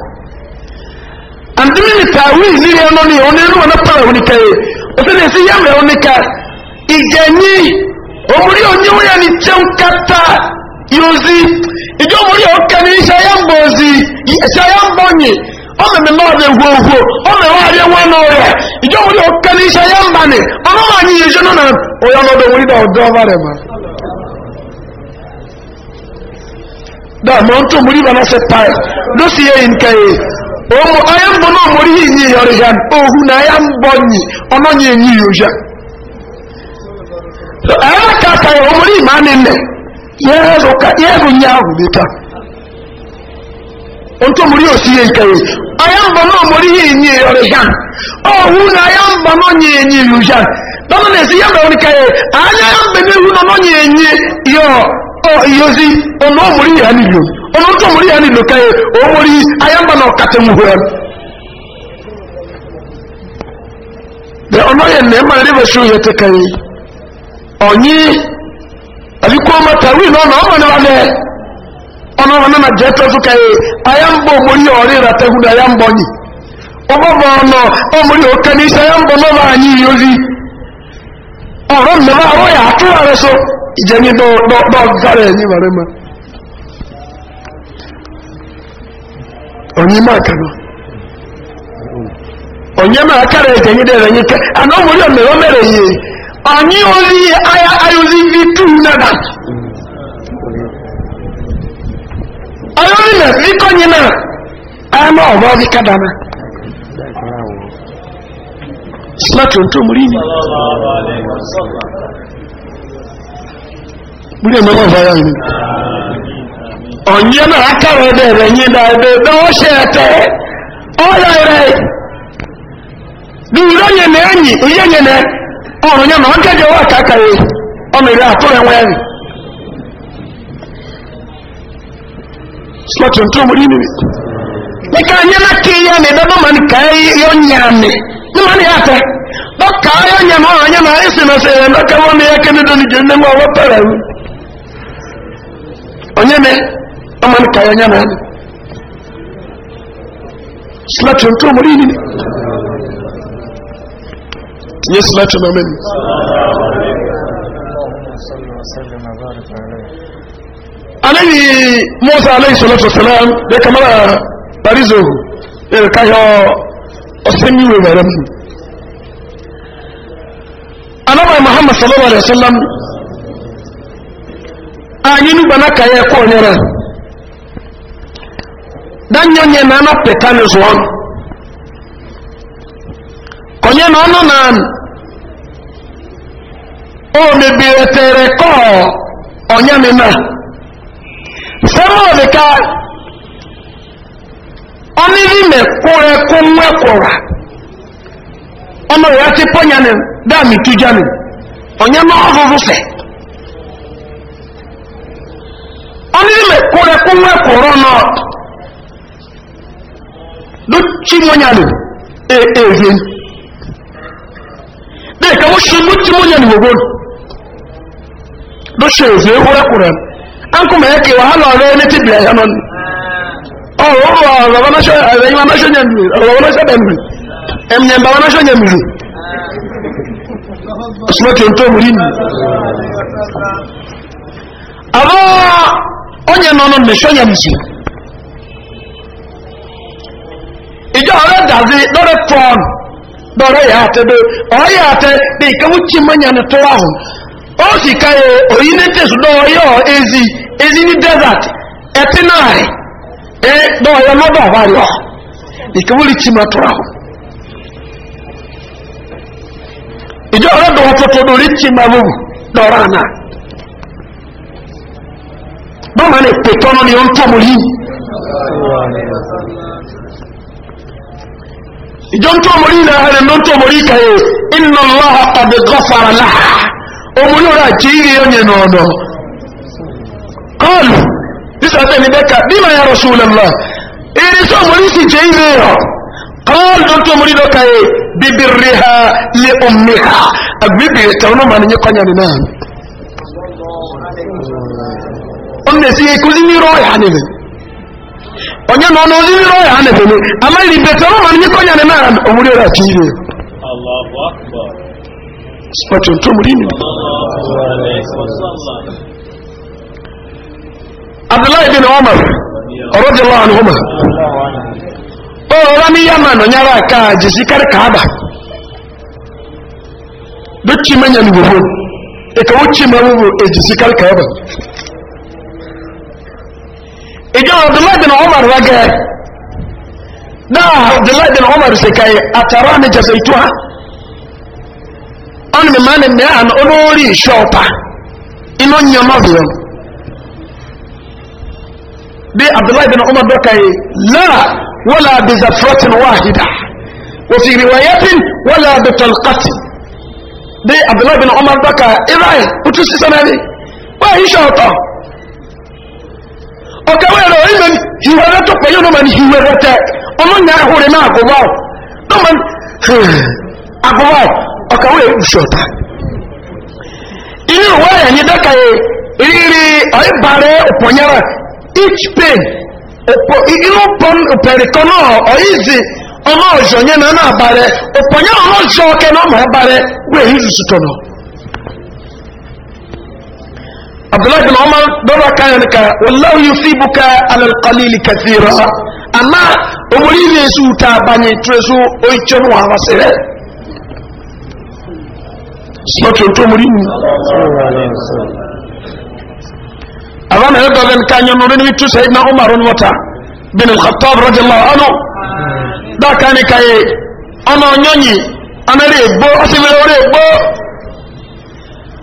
andimi ni tawizi ni ono ni ono ni ono pala unika ye osene si yamre unika igenyi omuri onyewe ya ni chenkata yuzi ijo omuri oka ni shayambozi shayambonyi ome memore huohuo ome wari wano ya ijo omuri oka ni shayambane ono manyi yejo nona oyanodo wuri da odovare ma da mo ntumuri bana se pae dosi ye inkaye omu onye mbụ na ihe inye ya na ya mbọ nyi ọnọnye enyi ya ụja ẹ̀rọ ya omori ìmá nye ya onye na ihe inye ya ọrịa ohu na ya mbọ nọnye enyi ya ụja lọ́nà na-esi ya mbọ ya anya ya mbọ n'ihu nọ enyi ya ya ọ̀nà tó mọ̀rí ẹni lò káyẹ òmòrí ya náà kàtẹ́ mú hùwẹ́ bẹ ọ̀nà yẹn nà ẹ̀mà rẹ̀ bẹ̀ṣẹ̀ òyẹ tẹ káyẹ ọ̀nyí àbíkó ọmọ na náà nà ọmọ náà lẹ ọ̀nà ọmọ náà jẹ́ tọ́sù káyẹ ayámbà òmòrí ọ̀rẹ́ rà tẹ́kùn ayámbà ọ̀nyí ọgbọ́ bọ̀ ọ̀nà anyị so onyima akano onyima akara ekenyi dere nyike ana omuli omere omere ye onyi ozi aya ayozi vitu nada ayozi na viko nyina ama oba ozi kadana silatu ntu omulini buli emere ovayo nyina onye na-akara ebere nyi na ebe ebe ọsha ete ọya ere duro nye na enyi ihe nye na ọrụ nye na ọ gaghị ọwa ka akara ọ mere atụrụ enwe ya slọtụ ntụ mụrụ ime dịka anyị na ka ihe na edebe ma ka ihe onye amị nima na ya ata dọka ahịa nye na ọrụ nye na esi na sịrị na ka nwa m ya kenedo n'ijem nne nwa ọwa pere onye mee ama ne kaayɛ nyɛ naa ne sila tuntum mo yi ni tiye sila tuntum mo ni. aleyi musa aleyi salatu salam de kamara parizo ere kaayɛ ɔsɛnyi wo wɛrɛ mu anaba muhammad sallallahu alaihi wa sallam a nyinu bana kaayɛ kɔɔ nyɛ naa danyo nye na ano petane zuon konye na ono na o mebire tere ko onye me na sama obika oni vi me kure kumwe kura ono ya ti ponya ne da mi tuja ne onye na ovuvu se oni vi me kure kumwe kura no lótí mọ́nyàlù èèyàn bẹ́ẹ̀ kàwọ́ ṣe lótí mọ́nyàlù gbogbo ló ṣe èèyàn ewúrẹ́kùnrẹ́ an kí wàhálà ọ̀rẹ́ ní ti bìrẹ̀ ẹ̀yàn ọ̀rọ̀ ọ̀rọ̀ ọ̀rọ̀ ọ̀rọ̀ ọ̀rọ̀ ọ̀rọ̀ ìjọ ọ̀rẹ́ dàzí lọ́rẹ́ tọ́ọ̀n lọ́rẹ́ yà á tẹ́ bẹ́ ọ̀rẹ́ yà á tẹ́ bí ìkẹ́wù tí mo yàn ní tó ahùn ó sì ká yẹ òyìn ní tẹ̀sù lọ́wọ́ yọ ezi ezi ní desert ẹtí náà rẹ̀ ẹ lọ́wọ́ yọ lọ́dọ̀ ọ̀bá rẹ̀ ọ̀ ìkẹ́wù tí mo tó ahùn. ìjọ ọ̀rẹ́ dọ̀wọ́ tuntun lórí tí mo wù lọ́rọ̀ àná bọ́ọ̀mù ni pètọ́nù ni ó ń tọ́ mu yìí ìjọ́ntó omori ilẹ̀ ahẹ́ rẹ̀ lọ́ntó omori kẹyẹ iná lọ́ha pàdé gọ́fàrà láà omori ọ̀rọ̀ àti ìrì ẹ̀yẹ nọ̀ọ̀nọ̀ kọlù nísàtẹ̀ ní dẹ́ka bímọ ya rọ̀ sùn lọ́lọ́ ìrì tó omori sì jẹ́ ìrì rọ̀ onye na ọnụ ndị nro ya na bele amali bete ọma ni ko nya na na omuri ra ti ni Allahu akbar spatu to muri bin Omar, ibn Umar radiyallahu anhu o ra mi yama no nyara ka jisi kar kaaba dukki manya ni gobo e ka wuce mawo e jisi إذا عبد الله بن عمر وجاء دا عبد الله بن عمر سكاي أتراني جزيتها أنا من مان من أن أنوري شوبا إنو نيمافيون بي عبد الله بن عمر بكاي لا ولا بزفرة واحدة وفي رواية ولا بطلقة دي عبد الله بن عمر بكاي إذا أنت سيسمعني وإيش أعطاه ọ̀kẹ́wẹ̀rẹ̀ orílẹ̀ ìwẹ̀ rẹ̀ tó pẹ̀lú ọmọ ní ìwẹ̀ rẹ̀ tẹ́ ọmọ ní ahúrẹ̀ náà agbọ́wọ́ ọmọ agbọ́wọ́ ọ̀kẹ́wẹ̀rẹ̀ ìṣọ̀tà inú ìwé rẹ̀ ní dẹ́kẹ̀ẹ́ rírí ọ̀ìbàrẹ̀ òpònyẹ́rà each pain inú pẹ̀rẹ̀kọ́ náà ọ̀ìzì ọmọ ọ̀ṣọ̀nyẹ́ náà bàrẹ̀ òpònyẹ́rà ọmọ ọ̀ṣọ̀ ọkẹ́ náà mọ̀ abdullahi bin umar dɔba kayan ka wallahu yusibuka alal qalili kathira amma omori ne su ta banye ture su oyi cɛn wa ba sɛbɛ sinɔtɔ to omori mu abana yɛ dɔ bɛn kan yɛn ni bi tu sayidina umar ni wata bin al-khattab radiyallahu anhu da kan ka ye ɔnɔ nyɔnyi ana de gbo asibiri o de gbo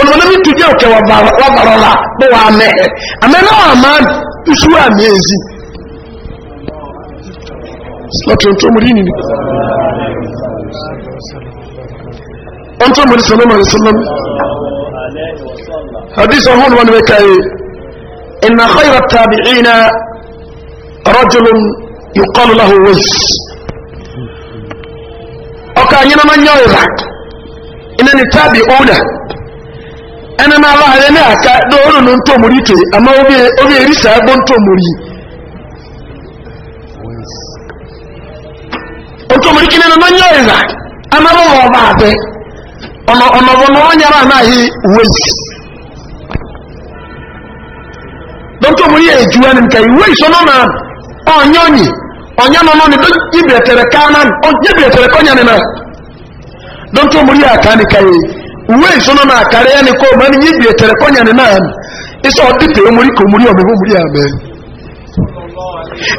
olùwọ́n ní tìjẹ́ òkè wàbàrọ̀lá bó wà mẹ́ẹ̀ àmẹ́nà wà máa iṣu àmì èzì slọ́tún tó múrí nìyí wọ́n tó múrí sọ́lọ́mà rẹ̀ sọ́lọ́mà hadith ọ̀hún wọn wẹ́ka yìí ìnà khayra tabi'ina rajulun yuqalu lahu wais ọkà yìí na ma nyọ ìrà ìnà ni tabi'una ẹni máa bá ayẹ ní àká lóòrùn ní tòmùrí tè àmọ́ orí èrísà ẹgbọ́n na otòmùrí kí nínú lọ́nyẹ́ ìrà amábọ̀wọ̀ ọba àbẹ ọ̀nàbọ̀nà ọ̀nyẹ́rà náà yí wéyì lọ́tòmùrí èjú ẹni nǹkan ìwé ìṣọ́nà na. ntomori aka uwe nsono na akara ya ni ko mani yibi etere konya ni nan iso odi pe omuri ko omuri ome omuri ame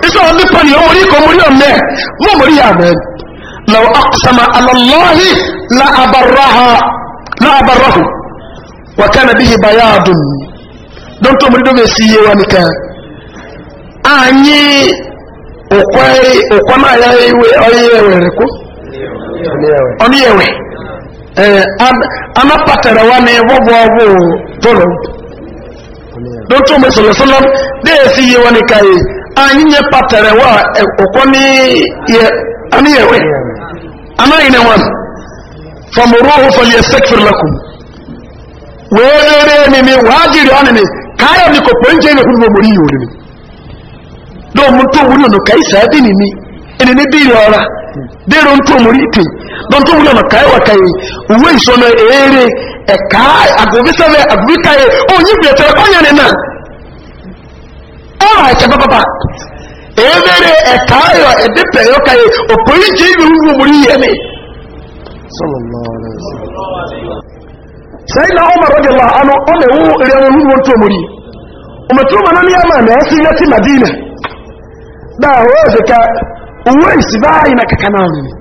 iso odi pe ni omuri ko omuri ome omuri ame law aqsama ala allah la abarraha la abarrahu wa kana bihi bayadun don to omuri do be siye wa ni kan anyi okwai okwana ya iwe oyewe ko oni ewe Eh, anapatara wa ne wɔbɔ ɔbɔ tolo dɔtɔ mu sɔlɔsɔlɔm de esi yie wani ka nye patara wa ɔkɔ ah, eh, ni ani yɛ wɛ ana wani famuruhu fali ɛsɛkifiri la kun wɛrɛ ni mi waajiri wani mi kaayɛ mi ko pɛnjɛ ne kunu mɔmɔri yi no di ni mi ne don tó wúlò nàkàyè wà kàyè òwe ìṣọ́nà èèrè ẹ̀ka àgùnbísẹ́lẹ̀ àgùnbíkàyè òyìn bìrẹ̀tẹ̀rẹ̀ ọ̀yàn nìna ọ̀rọ̀ ẹ̀kẹ́ pápápá èèrè ẹ̀ka ayọ̀ ẹ̀dẹ́pẹ̀rẹ̀ ọ̀kàyè òpó ìjì ìlú wù múrí ni. sẹ́yìn náà ọmọ rọ́jò lọ àánú ọmọ ìwú rẹ̀ ń wú tó múrí ọmọ tó ní na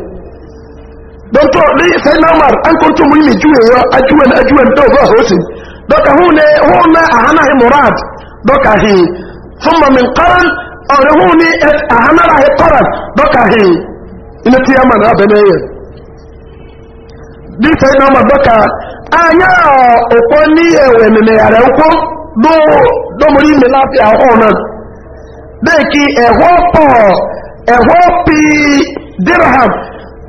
don to ɗi na umar an kuntu mu yi mai juye yo ajuwan ajuwan ɗau ba hosi doka hune hune dọka hi murad doka hi thumma min hi hi ina na na anya ọ̀pọ̀ ní ẹ̀wẹ̀ mẹ̀mẹ̀ yàrá ukwu lómúrí mi láti àwọn na dirham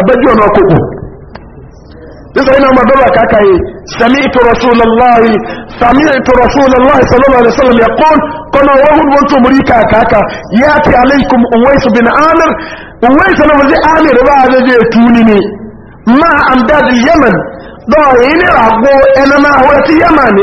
abẹ́jú ọ̀nà ọkọ̀kọ̀ nítorí náà ma bẹ́rẹ̀ kàkà yìí sami ito rasulallahi sami ito rasulallahi sallallahu alaihi wasallam ya kọ́ kọ́nà wọ́n hún wọ́n tó mú rí kàkàkà ya ti alaikum uwaisu bin amir uwaisu na wajen amir ba a zai tuni ne ma an dadi yìí ni àgbo ẹnana àwọn ti yaman ne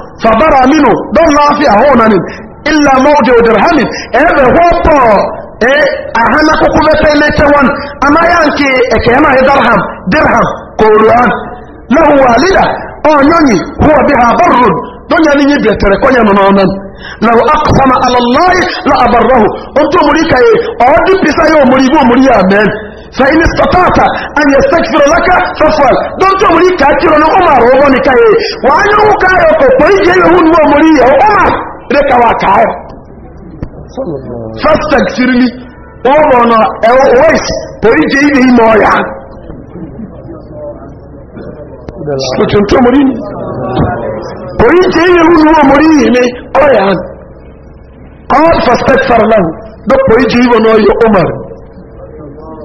fàbára mínú dọ́nà fi àwọn ọ̀nà ni ilẹ̀ mọ́jẹ̀ òdìrẹ́hàmì ẹ̀ẹ́bẹ̀ wọ́pọ̀ ẹ̀ àhánà kókó mẹ́fẹ́ mẹ́tẹ́ wọn amáyá nke ẹ̀kẹ́ náà yẹ dọ́rham dirham kòròán lẹ́hùn wà lílà ọ̀nyọ́nyì wọ́n bí ha bọ́rùn lọ́nyà ní yí bẹ̀tẹ̀rẹ̀ kọ́nyà nù náà lọ́wọ́ akọ̀sánà alọ́láyé lọ́ àbàrọ̀hù ó tó mú rí kàyé ọ̀ọ́dún pisa yóò mú rí ibú mú rí àmẹ́ni فإن استطعت أن يستغفر لك فافعل دونتو مري كاكيرو نو عمر هو نكاي وأنا هو كاي أو كوي جيهو نو مري أو عمر ركا وكاي فاستغفر لي وأنا أو ويس كوي جيهو مويا دونتو مري كوي جيهو نو مري ني أويا قال فاستغفر له دونتو مري جيهو نو عمر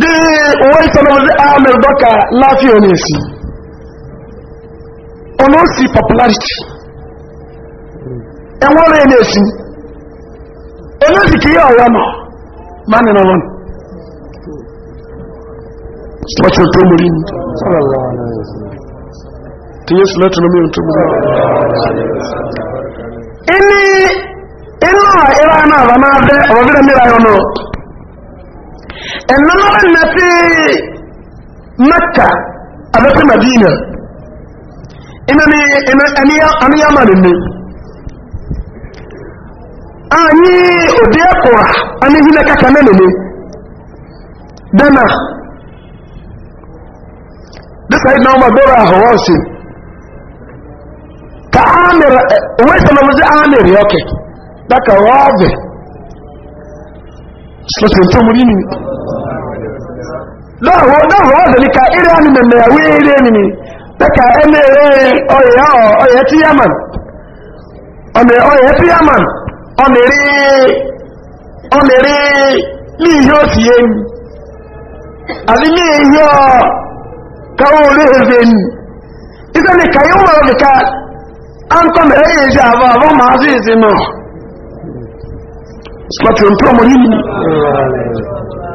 dị uwe isanụzi amir dọka lafi onesi Ono si popularity enwere onesi onesi ka ihe ọwa nọ ma nị nọrọ sọchị otu omori tinye sọlọtụ n'omi otu omori ịnị ịnọ ịra na-aba na-abịa ọbịbịa mmiri anyị ọnụ ẹ̀nàmọ́ na fi mẹ́kà madina ẹni yá màrin ní a ní òdí ẹ̀kọ́ ẹni hílẹ̀ kàkà mẹ́lẹ̀ ní dana dísà ka amir owó ìsànàmọ́sí amir yọ́kẹ̀ dákà rọ́ọ̀bẹ̀ lọ́wọ́ lọ́wọ́ ọ̀dọ̀líka eré àmì mẹ̀mẹ̀ na eré nìní pẹ́kà ẹmẹ́ ọ̀yẹ̀ ọ̀yẹ̀ tí yaman ọ̀yẹ̀ tí yaman ọmọ̀rí ọmọ̀rí ní ihe òsì yẹn àti ní ihe ọ̀kọ̀wọ́ olóòzè ní ìsẹ́ ní ka a ọ̀dọ̀líka áńkọ́ mẹ́rẹ́ èjì àbọ̀ àbọ̀ máa sí ìsinmi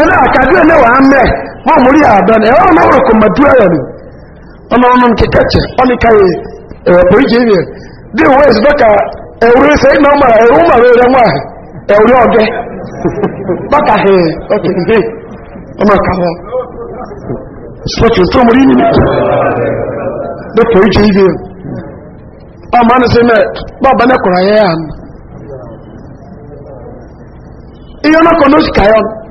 ɛna akadeɛ ne wàá mmerɛ wọn mori àdán ɛwɔ ɔno wɔ kɔmmadu ayɛ no ɔno ɔno nkeka kyɛ ɔne ka yɛ ɛwɔ de wɔ esi dɔka sɛ ɛna ɔmo a ɛwɔ ɔmo a ɛwɔ ɛwɔ ahɛ ɛwuri ɔdɛ dɔka hɔ sɛ mɛ ne yɛ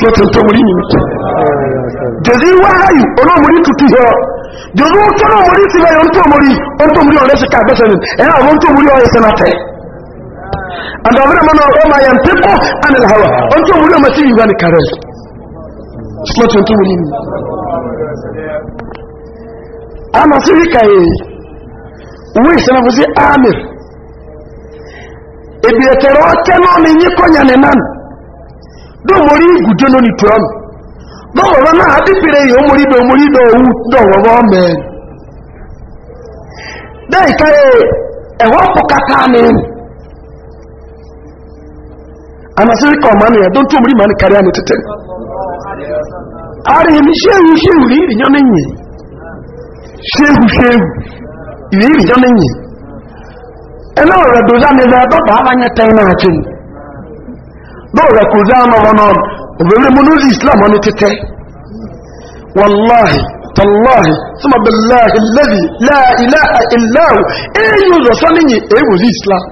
sọ́tún tó múrí nìyí jòzí wáyù olóòmúrí tutù yọ jòzí ó tọ́nà múrí sí báyọ̀ tó múrí ó tó múrí ọ̀rẹ́ sí káàbẹ́sẹ̀ nì ẹ̀rọ àwọn tó múrí ọ̀rẹ́ sẹ́nà tẹ̀ àdàbẹ̀rẹ̀ mọ́nà ọ̀rọ̀ máa yàn pípọ̀ ànìláwà ó tó múrí ọmọ sí ìwà nìkàrẹ̀ sọ́tún tó múrí nìyí àmà sí rí kàyè wí ìsẹ́nà fún sí amir ìbìyẹ̀tẹ̀rọ̀ ọ̀kẹ́ náà ni yíkọ̀ yàn nìyàn domori gujo no ni tuam bawo ba na adi pere yo mori do mori do wu do wo ba me dai ka e wo ko kaka ni ana sir ko man ya don tumuri man kare ani tete ari mi shehu shehu ri ri nyone nyi shehu shehu ri ri nyone nyi ena ora do za ne za do ba anya tan na atin dóòrè kò dá àmà wọn náà òbèrè mú lórí islam wọn ni títẹ́ wàláhì tàláhì sọmọ bẹ̀láhì lẹ́bì láìláà ìláàwò èyí rọ̀ sọ́nìyàn èèwò rí islam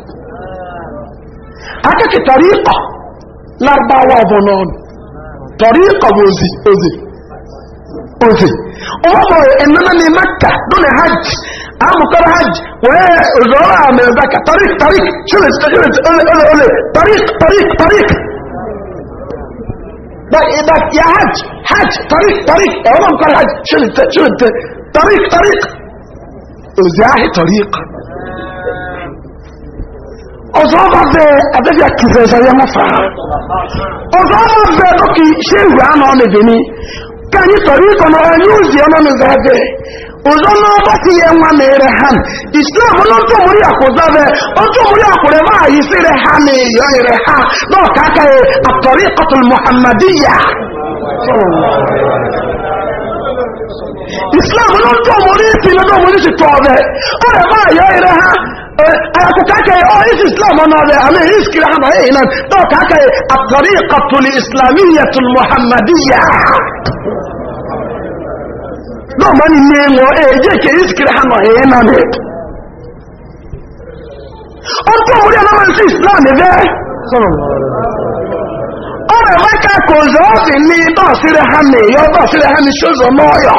akẹ́kẹ̀ tàríkọ̀ lárúbáwá ọ̀bọ̀ náà tàríkọ̀ bó ozì ozì ozì ọmọ ẹ̀nana ní mẹ́ta lónìí hajj amukar hajj wẹ́ẹ́ ọ̀rọ̀ àmì ẹ̀bá tàrík tàrík ṣẹlẹ̀ ṣẹlẹ̀ ọlẹ̀ ọlẹ̀ tàrík tàrík tàrík بس يا حج حج طريق طريق يا عمر قال حج شنو انت طريق طريق ازاي طريق أصابت أدفع كفاية يا مصر أصابت بكي شيء عن عمدني كان يطريق ما يوزي أنا من ذهبه وزمنا بطي يوم ما يرحم إسلام لا تمري أخذ ذهبه أخذ ما يصير حامي يعني رحم لو كاكا الطريقة المحمدية إسلام لا تمري في لدو مريش التوابه أخذ ما يرحم أكاكي أو إيش إسلام أنا أنا إيش كده أنا هنا إيه أو كاكي الطريقة الإسلامية المحمدية لو من نيمو إيه جيك إيش كده أنا هنا ọtọ́ orí ọlọ́run sí islam ẹgbẹ́ ọ̀rọ̀ ẹ̀fẹ́ kẹ́kọ̀ọ́ ìzọ́ọ̀sì ní bọ́ọ̀sí rẹ̀ hàmì yọ bọ́ọ̀sí rẹ̀ hàmì حمي mọ́ ọ̀yọ̀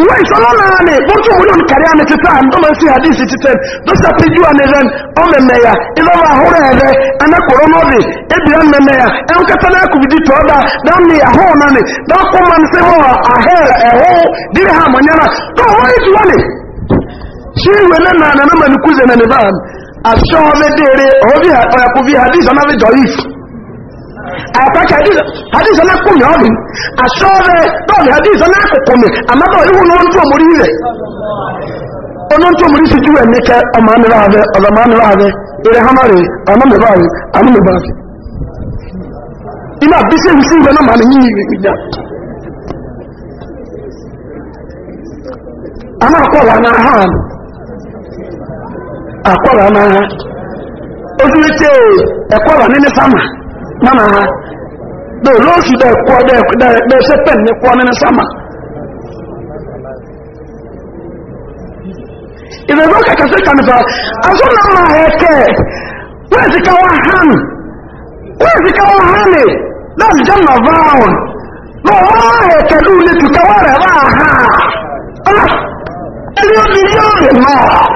uwe isono na kpọtụ mụrụ nkarịa metụta ndọmasị hadis tite dosapiju aniren o meme ya ịlọba ahụrụ ere anakwụrụ n'obi ya enkata na-akụbidi tọọda dami ahụ naanị dọkụ man sị hụ ahịa ehụ dịrị ha manyara dọwọ ijuwani shi na na na na nivan asọ ọbẹ dere ọbẹ àpàkì àdìsọ náà kò yàn ọ́bì àṣọ rẹ bọ́ọ̀lù àdìsọ náà kò kòmì àmọ́bọ̀ ìwò ló ń tó mórí ilẹ̀ ọdún tó mórí sí júwẹ̀ ní kẹ ọmọ amìlá rẹ ọlọmọ amìlá rẹ eré hamari rẹ rẹ iná ìwé náà máa àkọlà náà hàn àkọlà náà ojú mana ha da rosu da kuwa da shatan ne kuwa na sama idan zo ka kasar kamisa a suna ma heke wani su kawo han wani su kawo hane da janna vawon ma wọ́n heke lule tu kawo rẹ̀ bá ha ọlá ẹni obìnrin yóò rẹ̀ náà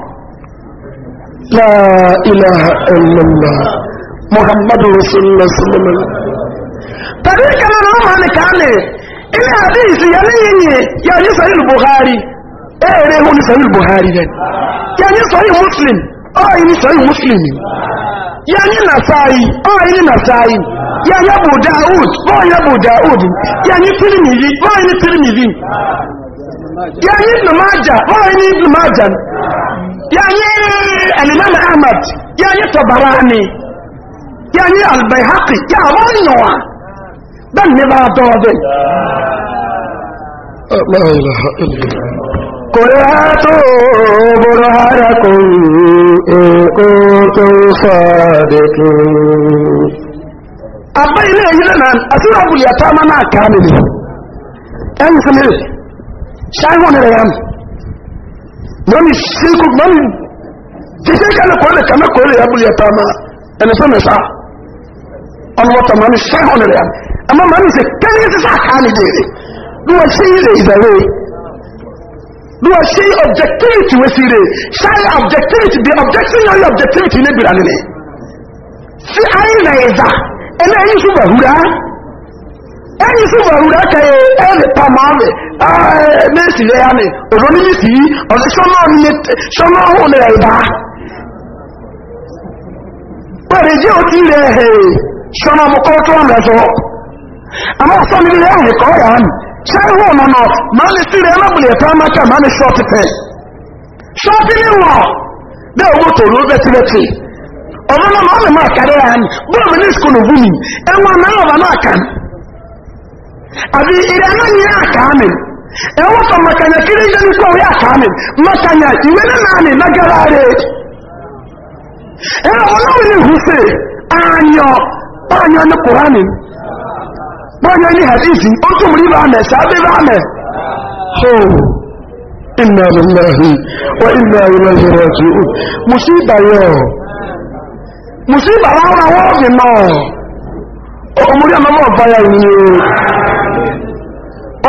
لا إله إلا الله محمد رسول الله صلى الله عليه وسلم طريق أنا نوم عن كامل إن حديث يعني يعني صحيح البخاري إيه ليه هو صحيح البخاري ده يعني صحيح مسلم آه يعني صحيح مسلم يعني نسائي آه يعني نسائي يعني أبو داود ما آه، يعني أبو داود يعني ترمذي ما آه، يعني ترمذي يعني ابن ماجه ما آه، يعني ابن ماجه يعني الإمام أحمد يعني طبراني يعني البيهقي يا رنوا بل نبا دوبي لا إله إلا الله قل هاتوا برهانكم إن كنتم صادقين أبا إليه لنا أسير أبو اليتامى ما كامل أنسمي شايفون الأيام mami seku mami jese kana ko ne kana ko ne ya buli ya tama ene so mesa on wata mami sego ne ya amma mami se kani se sa kani de ne duwa shi ne izare duwa shi objectivity we sire sai objectivity the objection your objectivity ne bi ne Si ayi na iza ene yi su bahura ẹni fún ìwàrúdà kẹyẹ ẹni pàmò àmì mẹsì rẹ àmì òdò níbi sí ọdún sọmọ ọhún rẹ ìbá pẹ̀lú jẹ́ òtí rẹ ẹ̀hẹ̀ sọmọ ọmọkọ́ tó wà mẹ́sọ́ àmọ́ ọ̀sán níbi rẹ ẹ̀hẹ̀ kọ́ yà ámì sẹ́yìn wọn nọ máa ní sí rẹ ẹlẹ́bùlẹ̀ ẹ̀tọ́ amákà máa ní ṣọ́ọ̀tì pẹ̀ ṣọ́ọ̀tì ní wọ̀ bẹ́ẹ̀ owó tòlú bẹ́tìbẹ́tì ọ̀rọ̀ náà máa ní máa kárẹ́ yà ámì bọ́ọ̀mù abi ire na nyere aka amị maka na kiri ndị nkwa ọrịa aka amị maka na iwe na naanị na gara arị ee ọlọ́wìn ìhùsè anyọ báyọ ní kùránì báyọ ní hadithi ó tún mú níbà mẹ sábẹ bá mẹ so inna lillahi wa inna ilaihi raji'un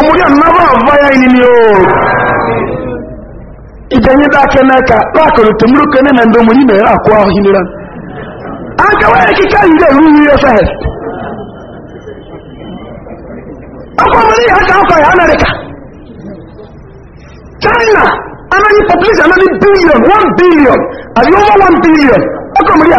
ọmọdé ànábà àbáyá yìí ni ó ìjẹyìn dákẹ́ mẹ́ka láàkọ̀rọ̀ tèmúrú kẹ́ nínú ẹ̀ndọ́ mọ̀ nílẹ̀ àkó ahìnira agawẹ́ ikike Anyị ga rú yìí ẹsẹ̀ ẹ̀ ọkọ̀ ya yìí àkà ya amerịka china anáyí population anáyí billion one billion àbí over one billion ọkọ̀ ya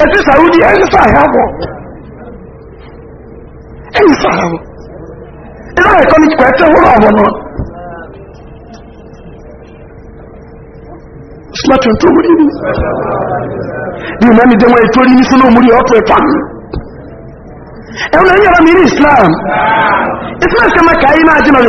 ẹsẹ sàwùdí ẹsẹ sàhàbọ ẹyẹ sàhàbọ ẹsẹ ẹkọ ní kò ẹtẹ wúrọ ọbọ náà smartu tó wúri ni bí wọn ní dẹwọn ètò mi ní islam islam sẹmẹ kàyé náà jìnnà ní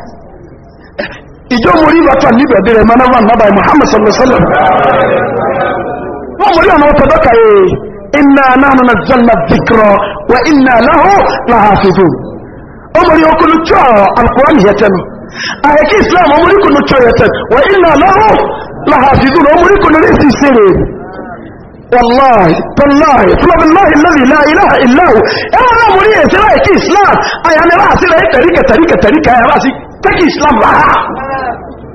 ìjọ mori bàtà níbẹ̀ bẹ̀rẹ̀ mọ́nà wà nábà muhammad sallasala wọ́n mori àwọn ọ̀tọ̀ dọ́kà yìí iná náà na zanna zikrọ wa iná láhó láhàfífò ó mori okùnú tíọ́ alkùnrin yẹtẹnu àyẹ̀kí islam ó mori kùnú tíọ́ yẹtẹnu wa iná láhó láhàfífò ó mori kùnú rí sí sèrè والله تالله فبالله الذي لا اله الا هو انا مريت رايك اسلام اي انا راسي رايك تريكه تريكه تريكه يا راسي take islam lára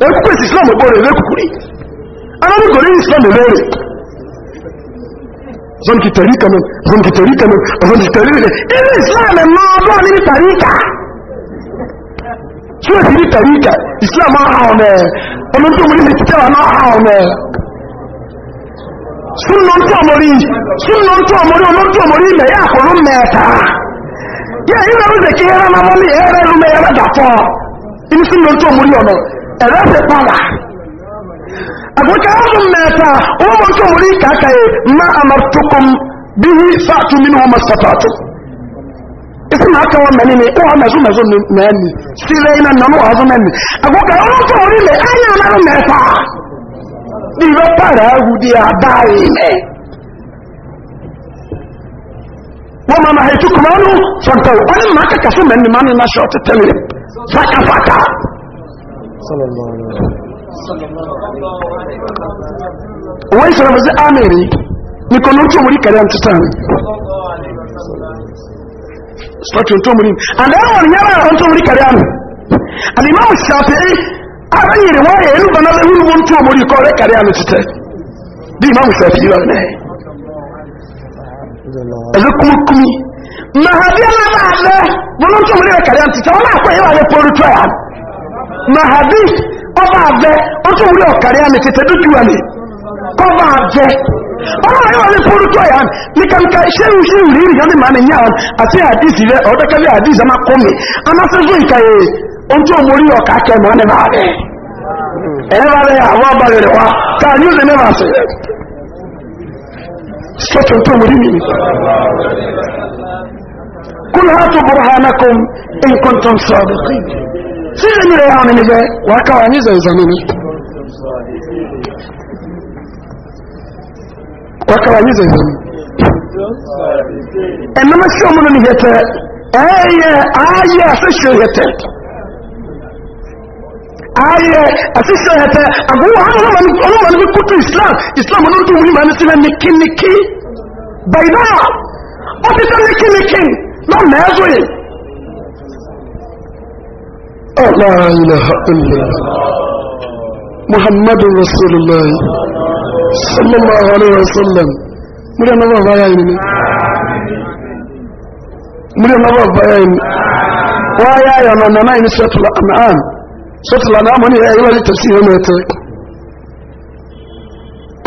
òun pèsè islam ọgbọ́n rẹ̀ lẹ́kùkùrí alábùkù rí islam lẹ́rẹ̀ zonki tẹ̀ríkà mọ́ zonki tẹ̀ríkà mọ́ zonki tẹ̀ríkà ilé islam ẹ̀mọ́ ọgbọ́n ní tẹ̀ríkà tí ó ti ní tẹ̀ríkà islam ahàwọn ẹ̀ ọmọ tó mú ní tẹ̀ríkà náà ahàwọn ẹ̀ súnà ń tó ọmọrí súnà ń tó ọmọrí ọmọ tó ọmọrí ilẹ̀ yà kọ̀ọ̀rọ̀ mẹ́ta yẹ ilẹ̀ ó sì kí ẹran náà wọ́n ní ẹran ẹran mẹ́ta dàtọ̀ ibi sí ló ń ọnụ. múrí ọ̀nà ẹ̀rọ ẹ̀fẹ̀ pàwà àgbẹ̀kẹ́ ọdún mẹ́ta ó mọ̀ tó múrí kàkàyè má àmàtòkùn bihi isi na aka wọn mẹni ni ó wọn mẹsùn mẹsùn mẹni sílẹ̀ iná nà azụ ọdún mẹni àgbẹ̀kẹ́ ọdún tó wọ́n máa máa hẹ̀tú kùmọ́ ọ́nù sọ̀tọ̀ wọ́n ní máa kàkà fún mẹ́rin máa ní máa ṣe ọtí tẹ́lẹ̀ fákàfákà. wọ́n sọ̀rọ̀ fún sí amẹ́rì nìkan ló ń tó múrí kẹrẹ́ ọ̀tí sáà. sọ̀tún tó múrí àlẹ́ wọn yára ọ̀n tó múrí kẹrẹ́ àmì àlìmọ́ ṣàfẹ́ aráyèrè wọ́n yẹ̀ ẹ̀rú bọ́nà lẹ́wọ́n tó múrí kọ́ rẹ̀ kẹrẹ́ àmì títẹ́ bí ìmọ̀ ṣàfẹ́ yọ̀ náà ẹ̀rọ kúmukúmi mahabi alábàáfẹ́ bọ́lá tó múlẹ̀ kàrí àti tí wọ́n máa kọ́ ìwà yẹn pọ̀lú tó yà mahabi ọba àfẹ́ ó tó múlẹ̀ kàrí àmì tètè ya àmì kọ́ba àfẹ́ ọba àyẹ̀wò yẹn pọ̀lú tó yà nìkankan ṣéwù ṣéwù ndị ìyá mi máa ní yàn ستر تمرين قل هاتوا برهانكم ان كنتم صادقين سيغني يا عمي ذا وكواني ذا زمني وكواني ذا زمني انما الشومن يتا ايه ايه اشو يتا ايه ayɛ asisɛ yɛtɛ abu hama ɔno ma ne bi kutu islam islam ɔno ti wuli ma ne ti na niki niki bayina ɔti ta niki niki na mɛɛzo yi. ala ilaha illa muhammadu rasulillah sallallahu alaihi wa sallam muri na ba baya yi ne muri na ba baya yi ne wa ya yana na na yi ni suratul an'am sotila na amuni eh, ya iwari tafsiri mai ta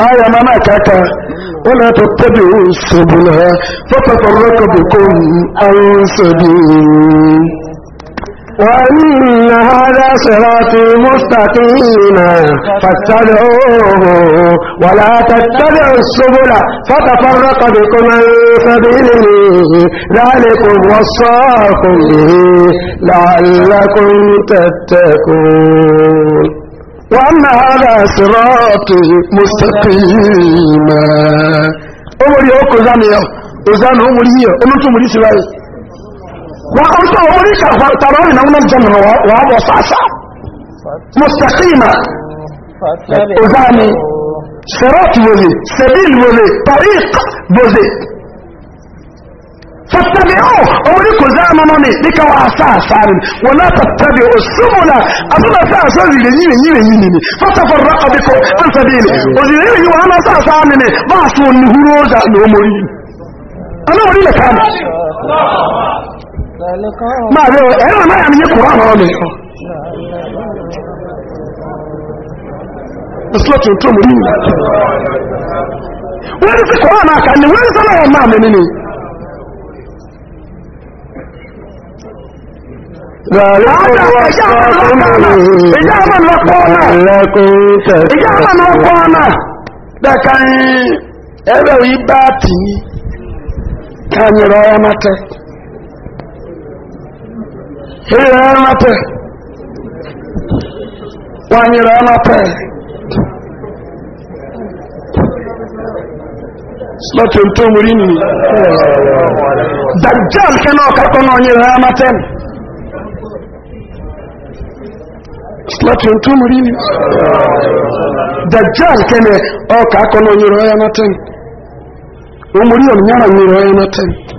aya mana kaka wala tattabi sabula fa tafarraqa bikum an sabili وأن هذا صراطي مستقيما فاتبعوه ولا تتبعوا السبل فتفرق بكم عن سبيله ذلكم وصاكم به لعلكم تتقون وأن هذا صراطي مستقيما أمري أكو زمي أزان أمري أمري أمري وقلته أوليك فارترون من الجنة وهذا صعصع مستقيمة أذاني صراط بوزي سبيل بوزي طريق بوزي فاتبعوه أوليك زامنوني لك وعصا صارم ولا تتبعوا السبل أصلا فأسوي لنيني نيني نيني فتفرق بكم عن سبيلي وزيني إيه وانا صارمني بعصوا النهروز عن أموري أنا أولي لك أنا máa rẹ ẹ̀rọ náà yàmì yé kùrán náà lè sọ ìsúlọ̀tì tó mú nínú wọ́n ní sí kùrán náà kà ní wọ́n ní sọ́nà wọn máa mẹ́ nínú Ìjá àmà lọ́pọ̀ ọ̀nà, dẹ̀ka ẹ̀rẹ̀ ìbá tì ní, ká nyẹ̀rọ ọ̀nà tẹ́. ịrịọ ya mata kwanyere ya mata slọtụ ntụ na ọkakọ na onyere ya mata slọtụ ntụ omori nri na ọkakọ na onyere ya nwere omori onyere ya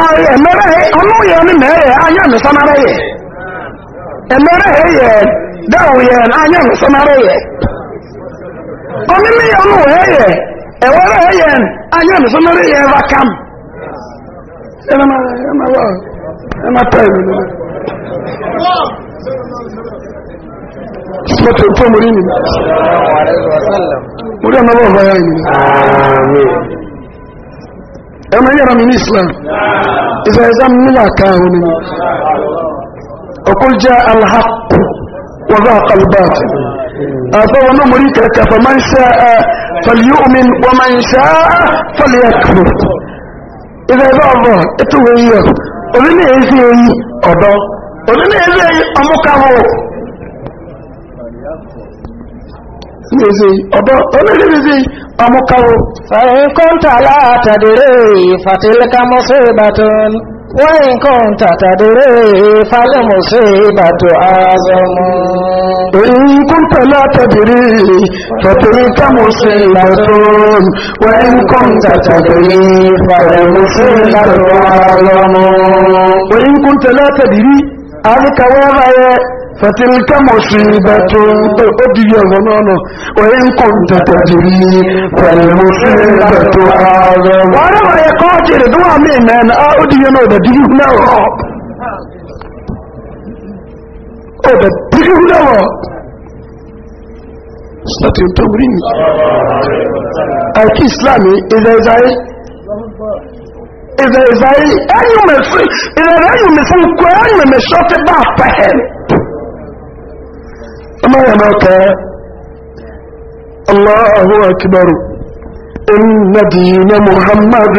ayé ẹ̀mẹ́rẹ́ yẹ ọlọ́yẹ ní ya ayé nìsanárẹ́ yẹ ẹ̀mẹ́rẹ́ yẹ dẹ́wù yẹ ayé nìsanárẹ́ yẹ ọmọmí ọmọ wẹ́ yẹ ẹ̀wẹ́rẹ́ yẹ أما يرى من إسلام إذا يزم من أكاهم وقل جاء الحق وذاق الباطل أفو نمريك لك فمن شاء فليؤمن ومن شاء فليكفر إذا ذا الله اتوه إياه وذن إيزي أبا وذن إيزي أمكه ọmọkàwò. fàyínkùn tààlà àtàdéré fàtílíkà mọ́sẹ̀ ìbàtàn wọ́yínkùn tàtàdéré fàlẹ́mọ̀sẹ̀ ìbàtàn àzọmọ́. èyínkùn tààlà àtàdéré fàtílíkà mọ́sẹ̀ ìbàtàn wọ́yínkùn tàtàdéré fàlẹ́mọ̀sẹ̀ ìbàtàn àzọmọ́. èyínkùn tààlà àtàdéré àríkàwọ́ báyẹ̀. فتلك مصيبة أدي ظنانا وإن كنت تجري فالمصيبة أعظم وأنا ما يقاتل دوا من أن أدي ظنانا دينا رب أدى دينا رب Slatin tó rí ni. Àìkí Ìsìláàmì ìzẹ̀ ìzáyé. Ìzẹ̀ ìzáyé. Ẹ̀yùn mẹ̀fún, ìrẹ̀rẹ̀ ẹ̀yùn mẹ̀fún kú ẹ̀yùn mẹ̀mẹ̀ṣọ́ ti bá àpẹẹrẹ. ما يموت الله أكبر إن دين محمد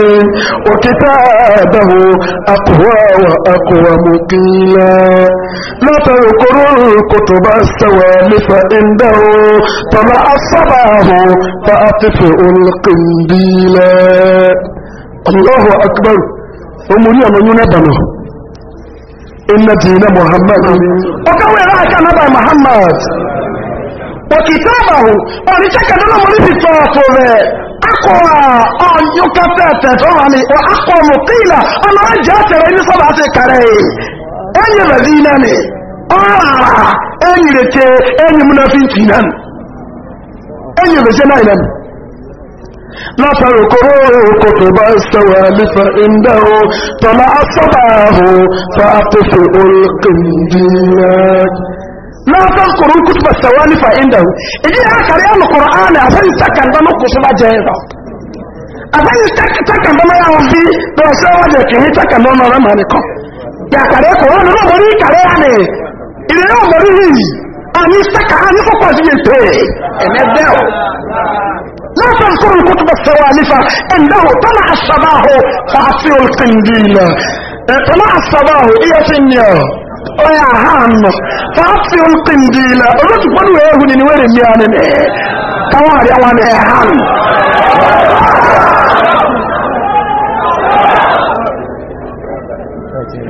وكتابه أقوى وأقوى مقيلا لا تذكر الكتب السوالف عنده طلع الصباح فأطفئ القنديلا الله أكبر ومن يمن ينبنه inna dina muhammad ọkàwé aka àti muhammad òkìtàbàwò ọ̀nìṣẹ́kẹ̀dọ́nà لا تذكروه كتب السوالف عنده طلع صباه فأطفئ القنديل لا تذكروا كتب السوالف عنده إجي آخر يوم القرآن أفن تكن بما كسب جيدا أفن تكن بما يوفي دوسا وجهه تكن بما رمانكم يا كريه قرآن لا مري كريه عني إلي يوم مريه أني استكى أني فقوة زي التوي إنه لا تذكروا الكتب السوالفة إنه طلع الصباح فأصير القنديل طلع الصباح إيه تنيا ويا هام فأصير القنديل رجل بلو يهون نوري ميانين كواري أوان إيهان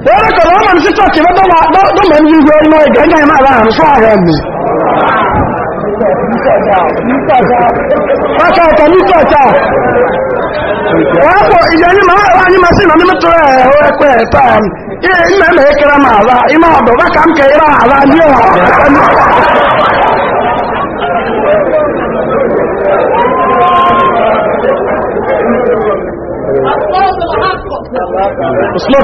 wọ́n kọ̀ lọ́wọ́ mọ̀ sí tọ́kì lọ́dọ́mọ̀ ní ìgbẹ́ inú ẹgbẹ́ ẹgbẹ́ ìmọ̀ mi pàkàtà nítọ̀ta wọ́pọ̀ ìjẹni máa wá ní masí na mímú tóra ẹ̀họ́ ẹ̀kọ́ ẹ̀ta ilẹ̀ ilẹ̀ ìkẹrẹ máa wá imá ọ̀dọ̀ bá kàm kẹ àwá ní ọ̀rọ̀ Slow